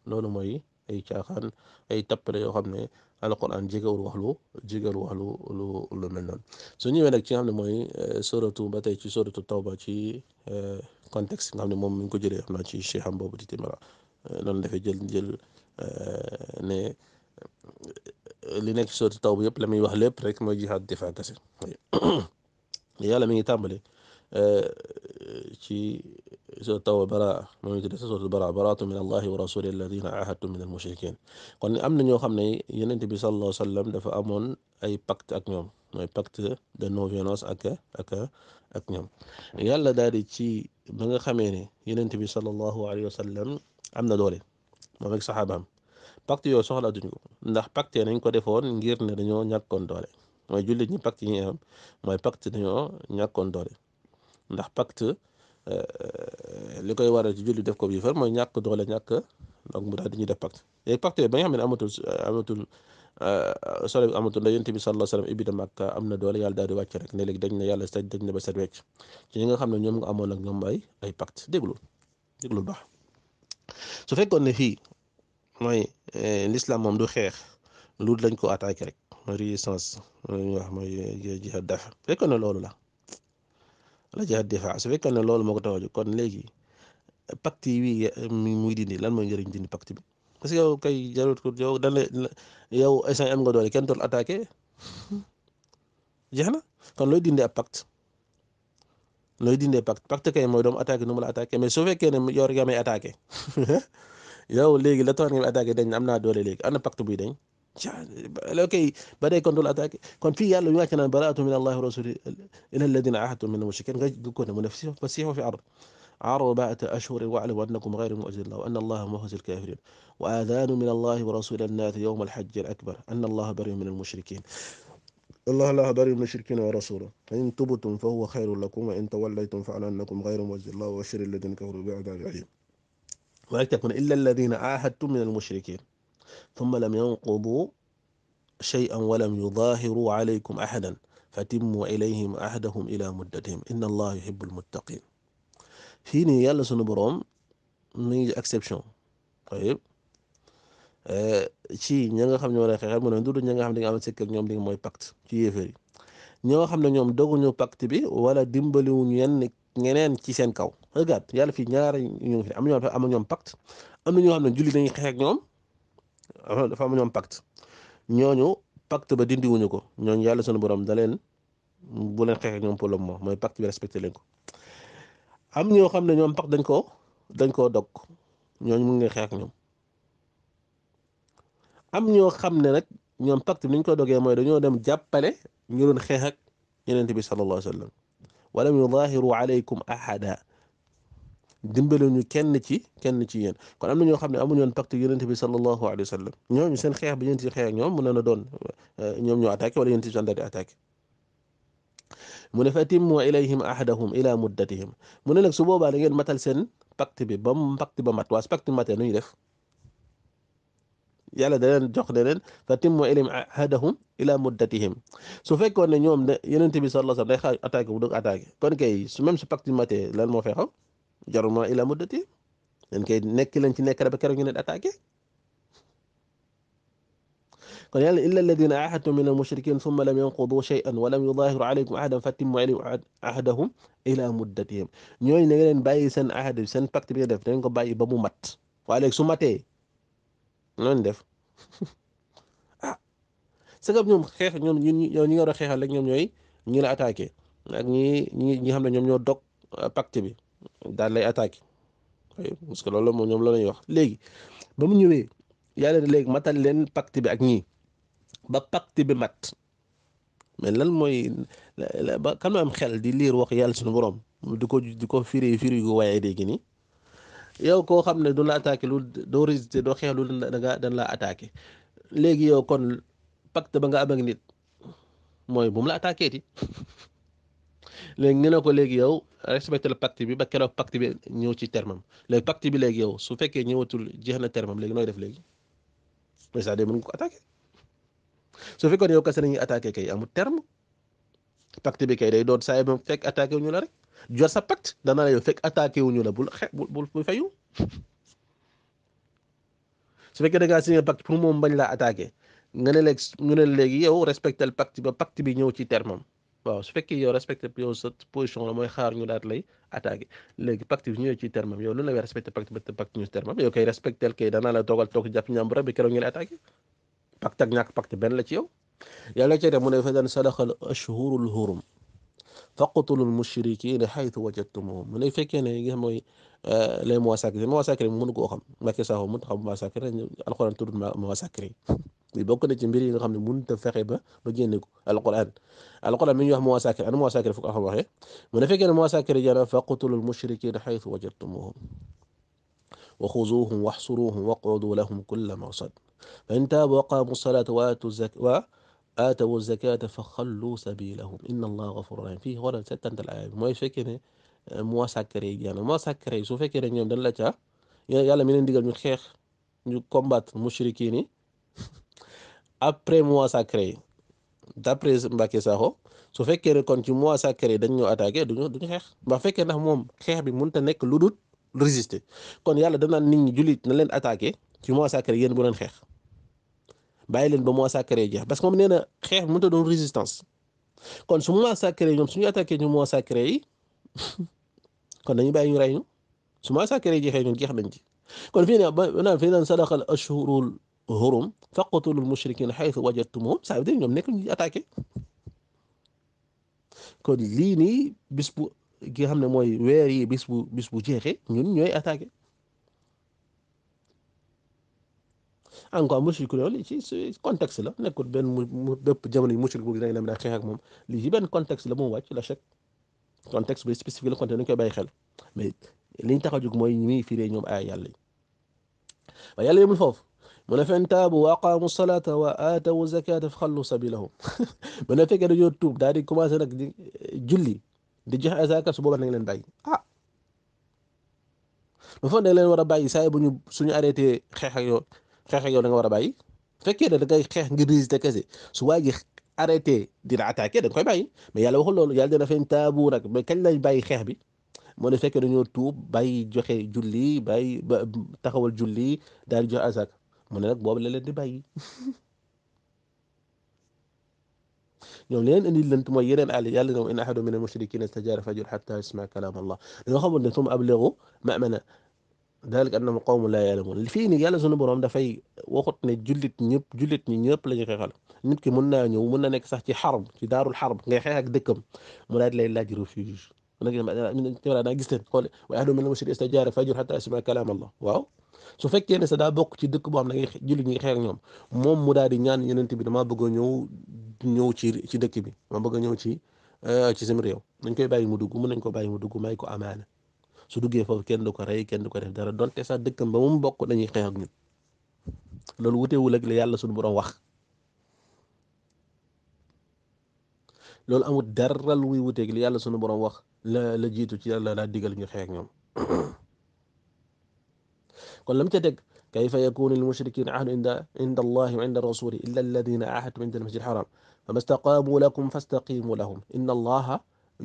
loolu mooy ay caaxaan ay tappale yoo xam ne alquran jegewul wax lu jegewul wax lu lu lu mel noonu su ñëwee nag ci nga xam ne mooy eh, soratu ba tey ci soratu ba ci eh, context nga xam ne moom mi ngi ko jëlee xam naa ci cheikham boobu di timara eh, noonu dafay jël jël ne li nekk ci taw tawba yëpp la muy wax lépp rek mooy jihaad difa kese yàlla mi ngi tàmbali في سورة براء من سورة براء براءة من الله ورسوله الذين عهدتم من المشركين قلنا أمن نيو خمنا ينتي بي صلى الله عليه وسلم دفع أمن أي بكت أك نيوم أي بكت دا نوفينوس أك أك أك نيوم يالا داري تي بنغ خميني ينتي بي صلى الله عليه وسلم أمن دولي مبك صحابة بكت يو سوخ لدنيو ندح بكت ينين كو دفون نغير نرنيو نيكون دولي ما جولي ني بكت ينين ما بكت نيو نيكون دولي ndax pacte euh, euh, li koy waral ci julli def ko yéefar mooy ñàkk doole ñàkk donc mu ñuy def pacte léegi pacte ba xam ne amatul euh, amatul solo bi amatul la yonent bi sallallahu alayhi wasallam ibbi ak am na doole yàlla daal di wàcc léegi dañ na yàlla saj dañ na ba set wecc ci ñi nga xam ne ñoom amoon ak ñoom ay ay pacte déglu déglu baax fekkoon ne fii mooy lislaam moom du xeex lu dañ ko attaqué rek mooy résistance ñuy wax mooy jihad dafa fekkoon ne loolu la la jihaad difaa su fekkee ne loolu moo ko taw kon léegi pacte yi muy dindi lan mooy njëriñ dindi pacte bi parce que yow kay jarut ko yow dañ yow instant am nga doole kenn doon attaque jeex na kon looy dindi ab pacte looy dindi pacte pacte kay mooy doomu attaqué nu mu la attaqué mais su fekkee ne yor nga may attaqué yow léegi la tax nga attaqué dañ am na doole léegi am na pacte buy dañ. يعني، اوكي بدا يكون اتاك كون في قال له كان براءة من الله ورسوله الى الذين عاهدتم من المشركين قد كنا منافسين فسيحوا في عرض عرض بعد أشهر واعلموا أنكم غير مؤجل الله وأن الله مهز الكافرين وآذان من الله ورسول الناس يوم الحج الأكبر أن الله بريء من المشركين الله لا بريء من المشركين ورسوله فإن تبتم فهو خير لكم وإن توليتم فعلى أنكم غير مؤجل الله وبشر الذين كفروا بعذاب الرحيم ولا تكن إلا الذين عاهدتم من المشركين ثم لم ينقضوا شيئا ولم يظاهروا عليكم أحدا فَتِمُّوا إِلَيْهِمْ أَحْدَهُمْ إِلَى مُدَّتِهِمْ إِنَّ اللَّهَ يُحِبُّ الْمُتَّقِينَ fii nii yàlla sunu boroom mu ngi exception ayib ci ña nga xam ne war a xeexal mu ne dudu ña nga xam ne nga am sekk ak ñoom li mooy pacte ci yéeféer yi ñoo xam ne ñoom doguñu pacte bi wala dimbaliwuñu yenn ñeneen ci seen kaw regarde yàlla fii ñaar ñu fi am ñoo am ñoom pacte am na ñoo xam ne julli dañuy xeex ak ñoom dafa am ñoom pacte ñooñu pacte ba dindi wuñu ko ñooñu yàlla sunu borom da leen bu leen xeexee ñoom problème moo mooy pacte bi respecté leen ko am ñoo xam ne ñoom pacte dañ koo dañ koo dog ñooñu mu ngi xeex ñoom am ñoo xam ne nag ñoom pacte bi ni ñu ko dogee mooy dañoo dem jàppale ñu doon xeex ak yeneen bi sallallahu alayhi wa sallam walam yudahiru alaykum ahada dimbele ñu kenn ci kenn ci yéen kon am na ñoo xam ne amuñu woon pacte yonent bi sallallahu alayhi wa sallam ñooñu seen xeex bi yonent bi xeex ak ñoom mën na doon ñoom ñoo attaqué wala yonent bi sanda di attaqué mu ne fa timmu ilayhim ahadahum ila muddatihim mu ne nag su boobaa da ngeen matal seen pacte bi ba pacte ba mat waa su pacte matee nu ñu def yàlla da leen jox ne leen fa timmu ilayhim ahadahum ila muddatihim su fekkoon ne ñoom de yonent bi sallallahu alayhi wa sallam day xaar attaqué bu dog attaqué kon kay su même su pacte matee lan moo fay xaw jaruma ila muddati dañ koy nekk lañ ci nekk rek ba keroog ñu ne attaqué kon yàlla illa alladina ahadtum min almushrikin summa lam yanqudu shay'an wa lam yudahiru alaykum ahadan fatimmu ilayhim ahadahum ila muddatihim ñooñu na nga leen bàyyi seen ahad bi seen pacte bi nga def dañ ko bàyyi ba mu mat waaye léegi su matee noonu def ah sëgab ñoom xeex ñoom ñun ñi nga war a xeexal rek ñoom ñooy ñi la attaqué ak ñi ñi ñi xam ne ñoom ñoo dog pacte bi daal lay attaqué parce ñoom la wax léegi ba mu ñëwee yàlla léegi matal leen pacte bi ak ñii ba bi mat mais lan mooy ba kan xel di liir wax yàlla suñu borom di ko di ko firi firi léegi nii yow koo xam ne du la attaqué lu doo da laa attaqué léegi yow kon pacte ba nga am ak nit mooy bu mu la attaqué ti léegi ñu ne ko léegi yow. respecté le pacte bi ba keroog pacte bi ñëw ci termam am léegi pacte bi léegi yow su fekkee ñëwatul jeex na terme am léegi nooy def léegi mais ça de mën nga ko attaqué su fekkoon yow kese nañuy attaqué kay amul terme pacte bi kay day doon saa yi fekk attaqué wu ñu la rek sa pacte dana la yow fekk la bul xe bul bul fayu su fekkee da ngaa signé pour moom bañ laa attaqué nga ne léegi ñu ne léegi yow respecté le pacte ba pacte bi ñëw ci terme waaw su fekkee yow respecté yow sa position mooy xaar ñu daat lay attaqué léegi pacte bi ñëwee ci termam yow lu la ngay respecté pacte ba pacte ñu termam yow koy respectel kay danaa la toogal toog jàpp ñàmbura bi keroog ñu lay attaqué pacte ak ñàkk benn la ci yow yàlla ci dem mu ne fa dan sadaqal ashhurul hurum faqtulul mushrikiina xaytu wajadtumuhum mu ne fekkee ne euh, yi nga xam mooy les mois sacrés mois sacrés mënu koo xam Macky Sall mënut xam mois sacré alxuraan tudd mois sacré bokk na ci mbir yi nga xamne ne mënut fexe ba ba génne ko alquran alquran mi ñuy wax muwasaakir ana muwasaakir fu ko xam waxee mu ne fekké na muwasaakir jara faqtul almushrikiina haythu wajadtumuhum wa khuzuhum wa xuzuuhum wa qudu lahum kulla marsad fa in taabu wa qamu salata wa atu zakat wa atu zakata fa khallu sabilahum inna allaha ghafurur rahim fi xoolal settantal aaya bi mooy fekkee ne muwasaakir jara jana muwasaakir yi su fekkee ne ñoom dañ la ca yàlla mi leen digal ñu xex ñu combattre mushrikiin ni après mois sacré d'après Mbacké Sakho su fekkee ne kon ci mois sacré dañu attaquer duñu duñu xeex ba fekkee nak mom xeex bi mënut a nekk lu résister kon yàlla danaan nit ñi julit na leen attaquer ci mois sacré yeen bu leen xeex bàyyi leen ba mois sacré jeex parce que mom nee na xeex bi mënut résistance kon su mois sacré ñom suñu attaquer ñu mois sacré yi kon dañu baye ñu ray ñu su mois sacré jeexee ñun jeex nañ ci kon fi na ba naan fii naan sadaqa al ashhurul هرم فقتلوا المشركين حيث وجدتموهم سعيدين يوم نيكو نجي أتاكي كون ليني بسبو جي هم نموي ويري بسبو بسبو جيخي نيون نيوي أتاكي أنكو مشرك لا لي شيء كونتكس لا نكون بين بب جمل المشرك بقدر يلا من أخي هكما لي بين كونتكس لا مو واجي لا شك كونتكس بس بس في الكونتين كي بيخل مي لين تخرج موي مي في رجيم آية يالله ويا ليه من فوق mu ne fen taabu wa aqaamu salaata wa aatawu zakaata fa xallu sabilahum na ne fekkee dañoo tuub daal di commencé nag di eh, julli di joxe asaka su booba nañ leen bàyyi ah ba leen war bàyyi saa bu ñu suñu arrêté xeex ak yow xeex ak war a bàyyi fekkee ne da ngay xeex ngir résister kese su waa ji arrêté dina attaqué da nga koy bàyyi mais yàlla waxul loolu yàlla dina fen taabu nag mais kañ lañ bàyyi xeex bi moo ne fekkee dañoo tuub bàyyi joxe julli bàyyi taxawal julli daal di joxe asaka mo ne nag boobu la len di bàyyi ñoom leen indi lënt mooy yeneen ali yàlla ne in ahadu min al mushrikeen istajaara fajr hatta yasmaa kalam allah dañoo xamul ne summa abligu ma'mana dalik annam qawm la ya'lamun fi ni yàlla sunu borom da fay waxut ne julit ñëpp julit ñi ñëpp lañu xexal nit ki mën na ñëw mën na nek sax ci harb ci darul harb ngay xex ak dëkkam mu daal lay laaj refuge nak ñu nag da gis te xol wa ahadu min al mushrikeen istajaara fajr hatta yasmaa kalam allah waaw su fekkee ne sa daa bokk ci dëkk boo xam ne ngay julli ñuy xeer ñoom moom mu daa di ñaan yenent bi damaa bëgg a ñëw ñëw ci ci dëkk bi ma bëgg ñëw ci euh, ci sama réew dañ koy bàyyi mu dugg mën nañ ko bàyyi mu dugg may ko amaana su duggee foofu kenn du ko rey kenn du ko def dara donte sa dëkkam ba mu bokk nañu xeex ak ñun loolu wuteewul ak la yàlla suñu borom wax loolu amul dara luy wuteeg li yàlla suñu borom wax la la jiitu ci yàlla laa digal ñu xeex ñoom kon lam ca teg kayfa yakunu lil mushrikina ahdu inda inda allahi wa inda rasuli illa alladina ahadtum inda almasjid alharam fama staqaamu lakum fastaqimu lahum inna allaha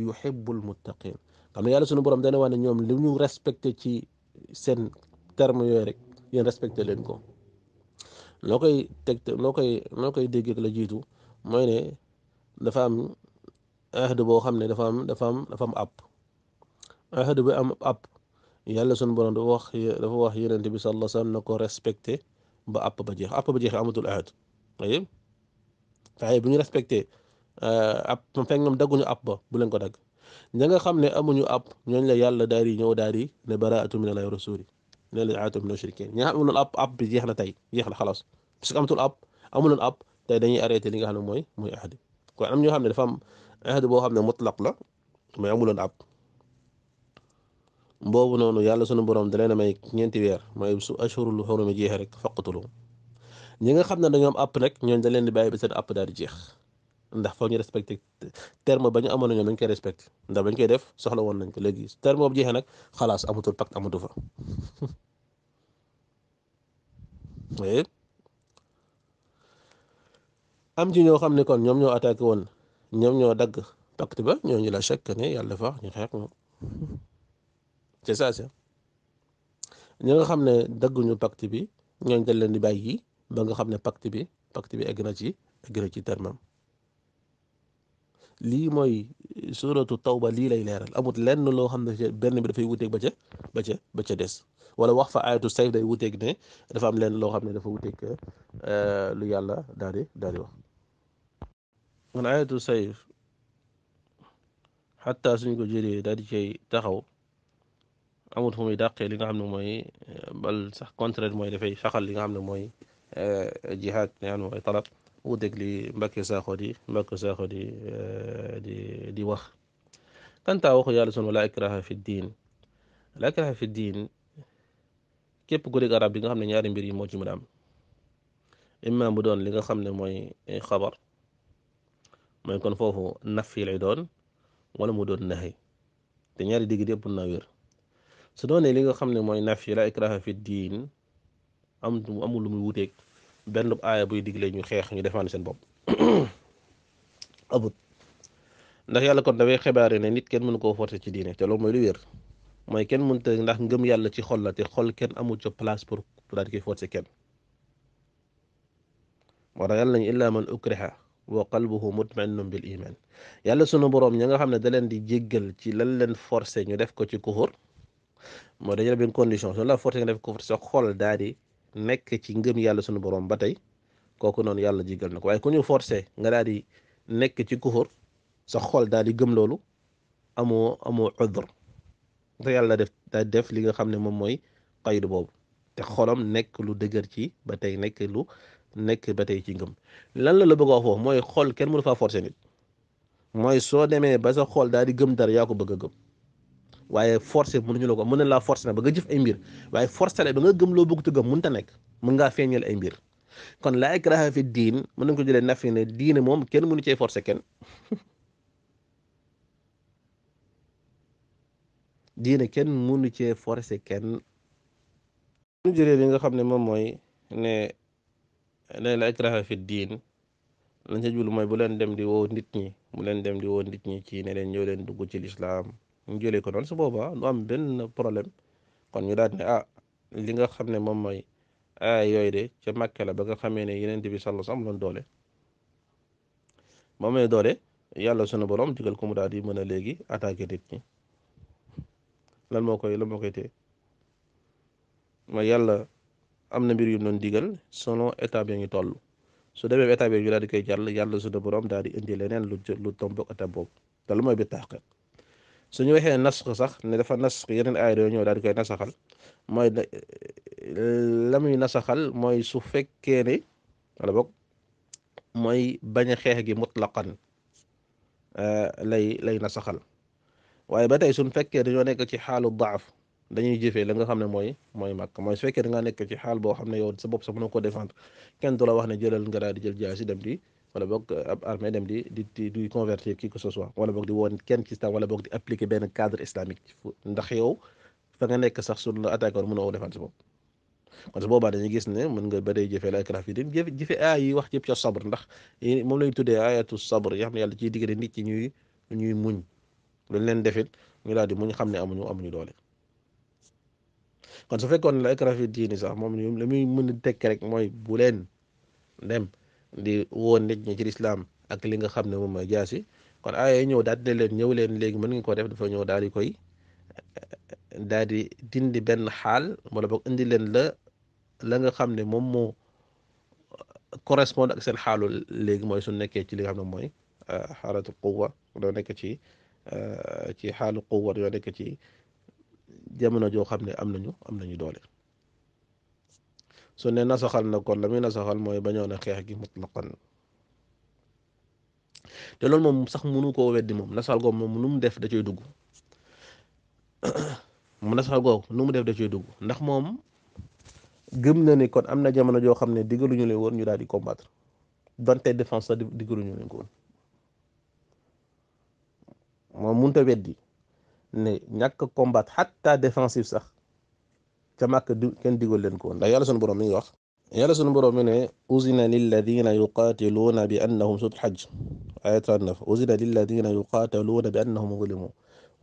yuhibbul muttaqin xam ne yàlla sunu borom dana wax ne ñoom li ñu respecté ci seen terme yooyu rek yéen respecté leen ko loo koy teg loo koy loo koy déggeek la jiitu mooy ne dafa am ahd boo xam ne dafa am dafa am dafa am app bi am yàlla sun borom dafa wax dafa wax yonent bi sallallahu alayhi wa na ko respecté ba àpp ba jeex àpp ba jeex amatul ahad ayib waaye bu ñu respecté àpp fekk ñoom àpp ba bu leen ko dagg ña nga xam amuñu àpp ñooñ la yàlla daal di ñëw ne baraatu min allahi rasuli ne la aatu min ashrikin ñi nga àpp àpp bi jeex na tey jeex na xalaas parce que amatul àpp amuloon àpp tey dañuy arrêté li nga xam ne mooy ahad kon am ñoo xam dafa am ahad boo xam mutlaq la mais amuloon àpp boobu noonu yàlla sunu borom da leen a may ñeenti weer mooy su ashurul xurum yi jeexe rek faqatulu ñi nga xam ne dañoo am àpp nag ñooñ da leen di bàyyi ba seen àpp daal jeex ndax ñu respecté terme ba ñu amoon na dañ koy respecté ndax bañ koy def soxla woon nañ ko léegi terme boobu jeexee nag xalaas amatul pacte amatu fa am ji ñoo xam ne kon ñoom ñoo attaqué woon ñoom ñoo dagg pacte ba ñooñu la chèque ne yàlla fa ñu xeex moom ca saasa ñi nga xam ne dagguñu pacti bi ñooñ dañ leen di bàyyi ba nga xam ne pacti bi pacte bi egg na ci egg ci termam lii mooy suratu ba lii lay leeral amut lenn loo xam ne benn bi dafay wuteeg ba ca ba ca ba ca des wala wax fa ayatu sayf day wuteeg ne dafa am lenn loo xam ne dafa wuteeg euh, lu yàlla daal di daal di wax man ayatu sayf xatta suñ ko jëlee daal di cay taxaw amul fu muy dàqee li nga xam ne mooy bal sax contraire mooy dafay saxal li nga xam ne mooy jihaad li nga mooy talab wuuteeg li Mbàkke Saaxo di Mbàkke Saaxo di di di wax kanta waxu yàlla sunu laa ikraha fi diin la ikraha fi diin képp ku dégg arab bi nga xam ne ñaari mbir yi moo ci mën am imma mu doon li nga xam ne mooy xabar mooy kon foofu naf yi lay doon wala mu doon nahay te ñaari digg yëpp na wér su doone li nga xam ne mooy naf yi la ikraha fi diin am amul lu muy wuteeg benn aaya buy digle ñu xeex ñu defaan seen bopp abut ndax yàlla kon dafay xibaare ne nit kenn mënu koo forcer ci diine te loolu mooy lu wér mooy kenn mënta ndax ngëm yàlla ci xol la te xol kenn amul ci place pour daal di koy forcer kenn moo tax yàlla nañu illa man ukriha wa qalbuhu mutmainnun bil iman yàlla sunu borom ña nga xam ne da leen di jéggal ci lan leen forcer ñu def ko ci kuhur mooy dajale benn condition soo la forcé nga def kufr sa xool daal di nekk ci ngëm yàlla sunu boroom ba tey kooku noonu yàlla jigal na ko waaye ku ñu forcé nga daal di nekk ci kufur sa xool daal di gëm loolu amoo amoo udr te yàlla def daal def li nga xam ne moom mooy qayd boobu te xolam nekk lu dëgër ci ba tey nekk lu nekk ba tey ci ngëm lan la la bëgg foofu mooy xool kenn mënu faa forcé nit mooy soo demee ba sa xool daal di gëm dara yaa ko bëgg a gëm waaye forcé mënuñu la ko mën na laa forcé na ba nga jëf ay mbir waaye forcé la ba nga gëm loo bëgg te gëm mënta nekk mën ngaa feeñal ay mbir kon laa ikraha fi diin mën nañ ko jëlee nafi ne diine moom kenn mënu cee forcé kenn kenn mënu cee forcé kenn ñu jëlee li nga xam ne moom mooy ne ne la diin lañ ca jublu mooy bu leen dem di woo nit ñi bu leen dem di woo nit ñi ci ne leen ñëw leen dugg ci lislaam ñu jëlee ko noonu su boobaa du am benn problème kon ñu daal ne ah li nga xam ne moom mooy a yooyu de ca Makka la ba nga xamee ne yeneen bi sallallahu sam loon doole moom mooy doole yàlla sunu borom digal ko mu daal di mën a léegi attaqué nit ñi moo koy lan moo koy téye mooy yàlla am na mbir yu noon digal selon état bi ñu toll su demee état bi ñu daal di koy jàll yàlla sunu borom daal di indi leneen lu lu tomboog état boobu te lu mooy bi taxqiq su ñu waxee nasx sax ne dafa nasx yeneen aaya doo ñoo daal di koy nasaxal mooy la muy nasaxal mooy su fekkee ne wala boog mooy bañ a xeex gi mutlaqan eh, lay lay nasaxal waaye ba tey suñ fekkee dañoo nekk ci xaalu daaf dañuy jëfee la nga xam ne mooy mooy màkk mooy su fekkee da ngaa nekk ci xaal boo xam ne yow sa bopp sax ko défendre kenn du la wax ne jëlal nga daal di jël jaay si dem di wala boog euh, ab armée di di di wala boog di woon kenn ci islam wala boog di appliquer benn cadre islamique ndax yow fa nga nekk sax suñu la attaqué woon mënoo défense boobu kon su boobaa dañuy gis ne mën nga ba day jëfee la ikraha fi din jëf jëfe aay yi wax yëpp ca sabr ndax moom lañu tuddee ayatu sabr yoo xam ne yàlla ciy diggale nit ci ñuy ñuy muñ luñ leen defit ñu daal di muñ xam ne amuñu amuñu doole kon su fekkoon la ikraha fi sax moom la muy mën a tekk rek mooy bu leen dem di woon nit ñi ci lislaam ak li nga xam ne moom mooy jaasi kon aaya yi ñëw daal di leen ñëw leen léegi mën nga ko def dafa ñëw daal koy daal di dindi benn xaal wala boog indi leen la la nga xam ne moom moo correspond ak seen xaalu léegi mooy su nekkee ci li xam ne mooy euh, xaalatu quwa doo nekk ci euh, ci xaalu quwa doo ci jamono joo xam ne am nañu am nañu doole so ne nasaxal na kon la muy nasaxal mooy bañoon a xeex gi mutlaqan te loolu moom sax munu koo weddi moom nasaxal googu moom nu mu def da cay dugg mu nasaxal googu nu mu def da cay dugg ndax moom gëm na ni kon am na jamono joo xam ne diggaluñu leen woon ñu daal di combattre donte défense sax diggaluñu leen ko woon moom weddi ne ñàkk combattre xatta défensive sax. te màkk di kenn digal leen ko woon ndax yàlla sunu borom mi ngi wax yàlla sunu borom mi ne uzina lilladina yuqatiluuna bi annahum sut xaj aya 39 uzina lilladina yuqatiluuna bi annahum zulimu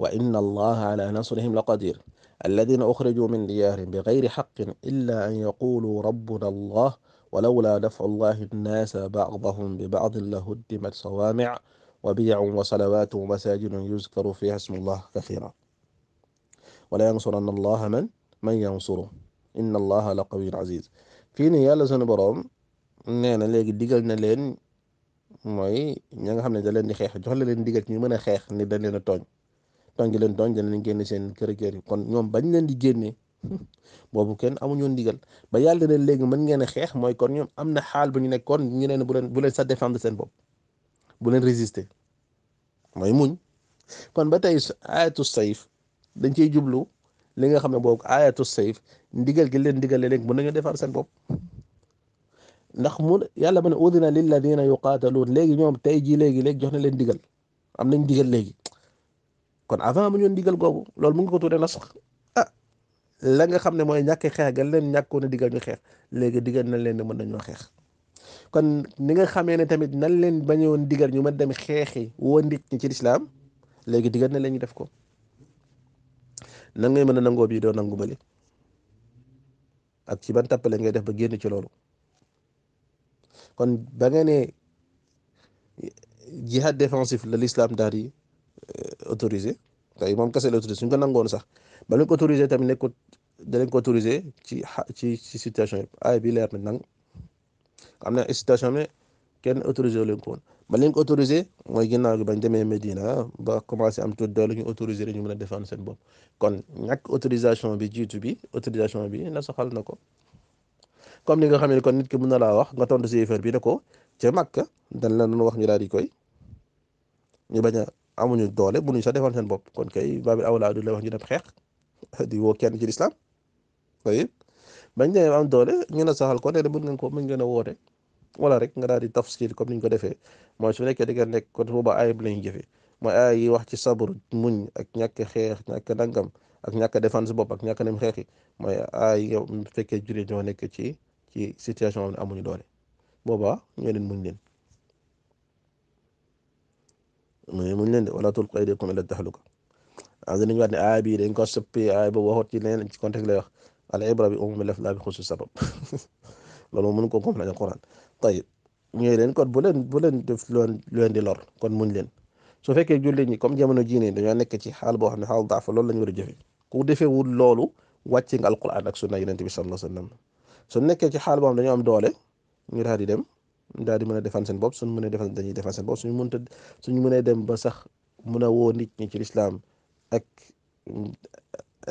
wa inna allaha ala nasrihim la qadir alladina uxrijuu min diyaarihim bi gayri xaqin illa an yaquluu rabbuna allah ولولا دفع الله الناس بعضهم ببعض لهدمت صوامع وبيع وصلوات ومساجد يذكر فيها اسم الله كثيرا ولا ينصرن الله من من ينصره إن الله لقوي عزيز فين هي لسان بروم نانا ليك ديغلنا نالين موي نيغا خامني دا لين دي خيخ جوخ لين ديغل ني مانا خيخ ني دا لين توغ توغ لين توغ دا لين ген سين كير كير كون نيوم باج لين دي ген بوبو كين امو نيون ديغل با يال دا لين ليغ مان نين خيخ موي كون نيوم امنا حال بني نيكون ني نين بولين بولين سا ديفاند سين بوب بولين ريزيستي موي موغ كون با تاي ايتو سيف دنجي جوبلو li nga xam ne boobu ayatu sayf digal gi leen ndigal léeg mën nañu defar seen bopp ndax mu yàlla ba ne udina lilladina yuqaataluun léegi ñoom tey jii léegi léegi jox na leen ndigal am nañ ndigal léegi kon avant amuñu ndigal googu loolu mu ngi ko tuddee nasx ah la nga xam ne mooy ñàkk xeex ga leen ñàkkoon a digal ñu xeex léegi digal nañ leen ne mën nañoo xeex kon ni nga xamee ne tamit nan leen bañoon digal ñu mën dem xeexi woo nit ci lislaam léegi digal na leen ñu def ko nan ngay mën a nangoo bii doo nangu bële ak ci ban tappale ngay def ba génn ci loolu kon ba nga ne jihad défensif la l'islam daal di euh, autorisé tey moom kese la autorisé suñ ko nangoon sax ba lañ ko autorisé tamit nekkut danañ ko autorisé ci ci ci situation yëpp ay bi leer na nang am na situation mais kenn autorisé leen ko ba leen ko autorisé mooy ginnaaw gi bañ demee Medina ba commencé am tu doole ñu autorisé la ñu mën a défendre seen bopp kon ñàkk autorisation bi jiitu bi autorisation bi na soxal na ko comme li nga xam kon nit ki mën na laa wax nga tontu si yéefar bi ne ko ca Makka dañ la nu wax ñu daal di koy ñu bañ a amuñu doole mënuñ sax défendre seen bopp kon kay babil awlaa du la wax ñu dem xeex di woo kenn ci lislaam bañ demee am doole ñu ne saxal ko ne mën ngeen ko mën ngeen a woote. wala rek nga daal di tafsil comme niñ ko defee mooy su nekkee di nga nekk kon booba ay lañ jëfe mooy aay yi wax ci sabru muñ ak ñàkk xeex ñàkk nangam ak ñàkk défense bopp ak ñàkk nem xeex yi mooy aay yi nga fekkee jullit ñoo nekk ci ci situation am ne amuñu doole boobaa ñoo leen muñ leen muñ leen de wala tulqu aydikum ila tahluka am dinañ wax ne aay bii dañ ko soppi aay boobu waxut ci leneen ci contexte lay wax al ibra bi umum laf laa bi xusu sabab loolu mun ko comprendre Alquran tayib ñooy leen kon bu leen bu leen def loon lu leen di lor kon muñ leen su fekkee jullit ñi comme jamono jii nii dañoo nekk ci xaal boo xam ne xaal daafa loolu la ñu war a jëfe ku loolu wàcce nga alquran ak sunna yonent bi sallallahu alayhi wa sallam su nekkee ci xaal boo dañoo am doole ñu daal di dem daal di mën a defaan seen bopp suñ mënee defaan dañuy defaan seen bopp suñu ñu suñu mënee dem ba sax mën a woo nit ñi ci lislaam ak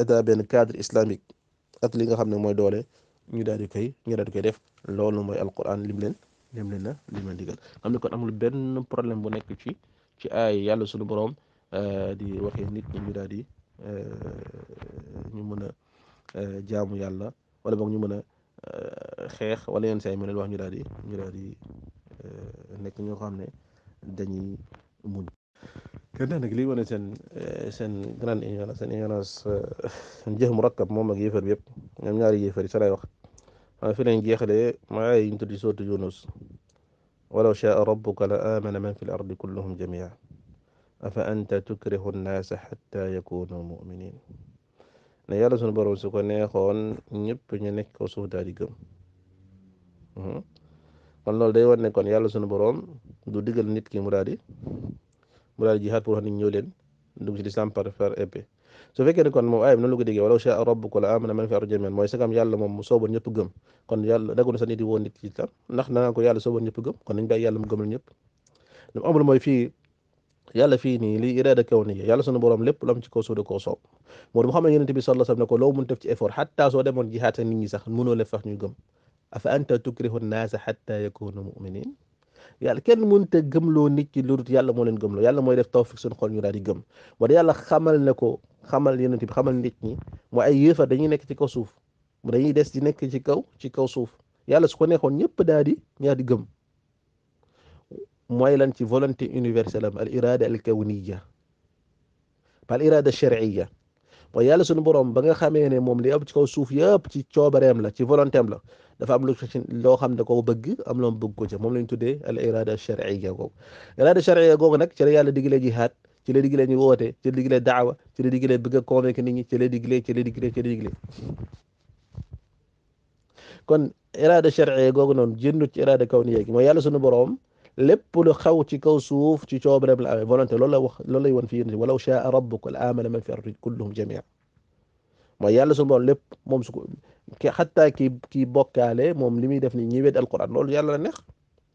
ada benn cadre islamique ak li nga xam ne mooy doole ñu daal di koy ñu daal di koy def loolu mooy alquran lim leen lim leen na lim leen digal xam ne amul benn problème bu nekk ci ci ay yàlla suñu borom euh, di waxee nit ñi ñu daal di euh, ñu mën a euh, jaamu yàlla wala boog ñu mën a xeex wala yenn saa yi mu wax ñu daal di ñu daal di nekk ñoo xam ne dañuy muñ. kenn nag lii wane seen seen grande ignorance seen ignorance mu rakkab moom ak yéefar bi yëpp ñoom ñaari yéefar yi sa wax. ما في لين جيخلي ما ينتري سورة يونس ولو شاء ربك لآمن من في الأرض كلهم جميعا أفأنت تكره الناس حتى يكونوا مؤمنين نيالا سن برو سكو نيخون نيب ني نيك كو سو داري گم كون لول داي وون نيكون يالا سن بروم دو ديگال نيت كي مرادي مرادي جهاد بور ني نيولين دوك سي الاسلام بار فير ايبي so fekkee kon moom aaya bi noonu la ko déggee walaw shaa rabbuka la amana man fi ardi jamii'an mooy sagam yàlla moom mu sooboon ñëpp gëm kon yàlla dagu na sa nit yi woo nit ci tam ndax na ko yàlla sooboon ñëpp gëm kon nañ bàyyi yàlla mu gëmal ñëpp lu amul mooy fii yàlla fii nii li irada kaw nii yàlla sunu borom lépp lam ci kaw suuf da koo soob moo mu xam ne bi sallallahu alayhi wa ne ko loo mun def ci effort xatta soo demoon jihaat sa nit ñi sax mënoo leen fex ñu gëm afa anta tukrihu naasa xatta yakunu muminin yàlla kenn mënut a gëmloo nit ci lu yàlla moo leen gëmloo yàlla mooy def tawfik suñu xol ñu daal di gëm wala yàlla xamal ne ko xamal yonent bi xamal nit ñi moo ay yéefar dañuy nekk ci kaw suuf dañuy des di nekk ci kaw ci kaw suuf yàlla su ko neexoon ñëpp daal di ñaar gëm mooy lan ci volonté universelle am al irada al kawniya al irada shar'iyya mooy yàlla suñu borom ba nga xamee ne moom li am ci kaw suuf yëpp ci coobareem la ci volonté am la dafa am lu loo xam ne ko bëgg am loo bëgg ko ca moom lañ tuddee al irada shar'iyya googu irada shar'iyya googu nag ci la yàlla digle ci la digalee woote ci la digalee daawa ci la digalee bëgg a convaincre nit ñi ci la digalee ci la digalee ci la digalee kon iraada sharciya googu noonu jëndut ci iraada kawniya gi mooy yàlla sunu boroom lépp lu xaw ci kaw suuf ci coobareem la amee volonté loolu la wax loolu lay woon fii yéen walaw shaa rabbuka la aamana man fi ardi kulluhum jamiian mooy yàlla sunu boroom lépp moom su ko xataa ki kii bokkaale moom li muy def ni ñi wet alquran loolu yàlla la neex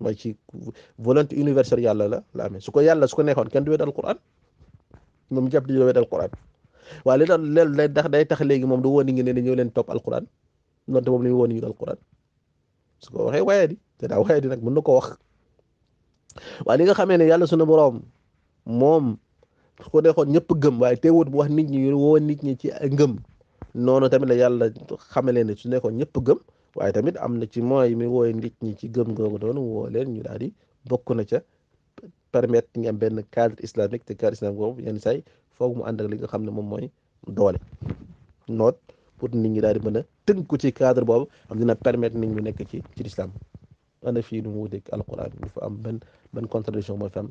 mooy ci volonté universelle yàlla la la amee su ko yàlla su ko neexoon kenn du wedd alquran moom jàpp di wedd alquran waaye li doon leen day tax day tax léegi moom du woon ni ngi ne ñëw leen topp alquran donte moom la ñu woon ñu alquran su ko waxee waaye di te daa waaye di nag mën na ko wax waaye li nga xamee ne yàlla sunu boroom moom su ko neexoon ñëpp gëm waaye teewut mu wax nit ñi woo nit ñi ci ngëm noonu tamit la yàlla xamale ne su nekkoon ñëpp gëm waaye tamit am na ci moyens yi muy wooye nit ñi ci gëm googu doon woo leen ñu daal di bokk na ca permettre ñu am benn cadre islamique te cadre islamique boobu yenn saay foog mu ànd ak li nga xam ne moom mooy doole noot pour nit ñi daal di mën a tënku ci cadre boobu am dina permettre nit ñu nekk ci ci islam ana fii nu mu wuteeg alquran du fa am benn benn contradiction mooy fa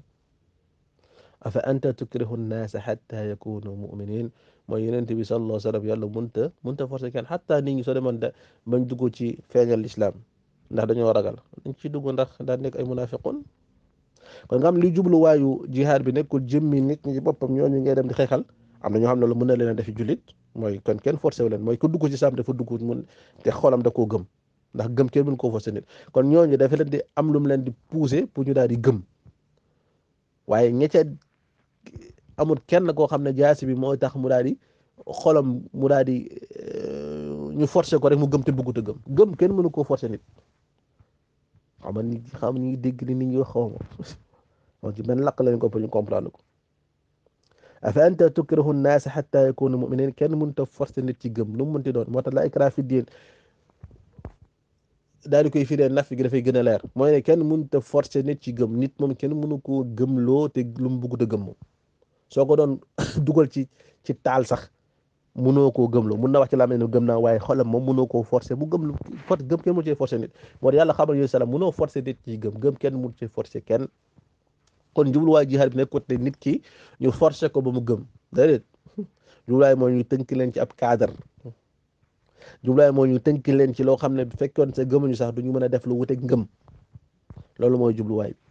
afa anta tukrihu nnaasa xatta yakunu muminin mooy yonent bi sallallahu alayhi wa sallam yàlla munta munta forcé kenn xatta nit ñi soo demoon de bañ dugg ci feeñal lislaam ndax dañoo ragal dañ ci dugg ndax daa nekk ay munafiqun kon nga xam li jubluwaayu jihaad bi nekkul jëmmi dem di xeexal am na ñoo xam ne lu mën na leen a def jullit mooy kon kenn forcé wu leen mooy ku dugg ci saam dafa dugg mun te xolam da koo gëm ndax gëm kenn mën ko forcé nit kon ñooñu dafa leen di am lu mu leen di poussé pour ñu daal di gëm waaye ña amul kenn koo xam ne jaasi bi mooy tax mu daal di mu daal di euh, ñu forcer ko rek mu gëm te bëggut gëm gëm kenn mënu koo forcer nit xam ni xam ni dégg ni nit ñi xaw ma ci benn lañ ko pour ñu comprendre ko afa anta tukrihu nnaasa xatta yakunu muminin kenn mënut a nit ci gëm lu mu mënti doon moo tax la ikra fi koy firee naf gi dafay gën a leer mooy ne kenn mënut a forcer nit ci gëm nit moom kenn mënu koo gëmloo te lu mu bëggut gëm moom soo ko doon dugal ci ci taal sax munoo koo gëmloo mun na wax ci laa mel ne gëm naa waaye xolam moom munoo koo forcer mu gëm for gëm kenn mun cee forcer nit moo tax yàlla xamal yooyu salaam munoo forcer nit ci gëm gëm kenn mun cee forcer kenn kon jubluwaay jihaad bi nekkut ne nit ki ñu forcer ko ba mu gëm déedéet jubluwaay mooy ñu tënk leen ci ab cadre jubluwaay mooy ñu tënk leen ci loo xam ne bu fekkoon sa gëmuñu sax du ñu mën a def lu wuteeg ngëm loolu mooy jubluwaay bi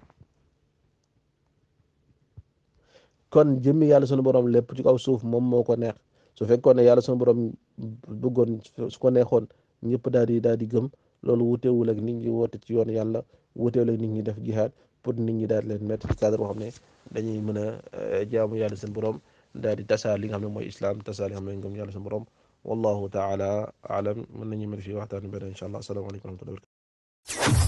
kon jëmmi yàlla sunu borom lépp ci kaw suuf moom moo ko neex su fekkoon ne yàlla sunu borom bëggoon su ko neexoon ñëpp daal di daal di gëm loolu wuteewul ak nit ñi woote ci yoon yàlla wuteewul ak nit ñi def jihaad pour nit ñi daal di leen mettre ci cadre boo xam ne dañuy mën a euh, jaamu yàlla seen borom daal di tasaar li nga xam ne mooy islam tasaar li nga xam ne ngëm yàlla seen borom wallahu taala alam mën nañu mel fii waxtaan beneen incha allah asalaamaaleykum wa rahmatulah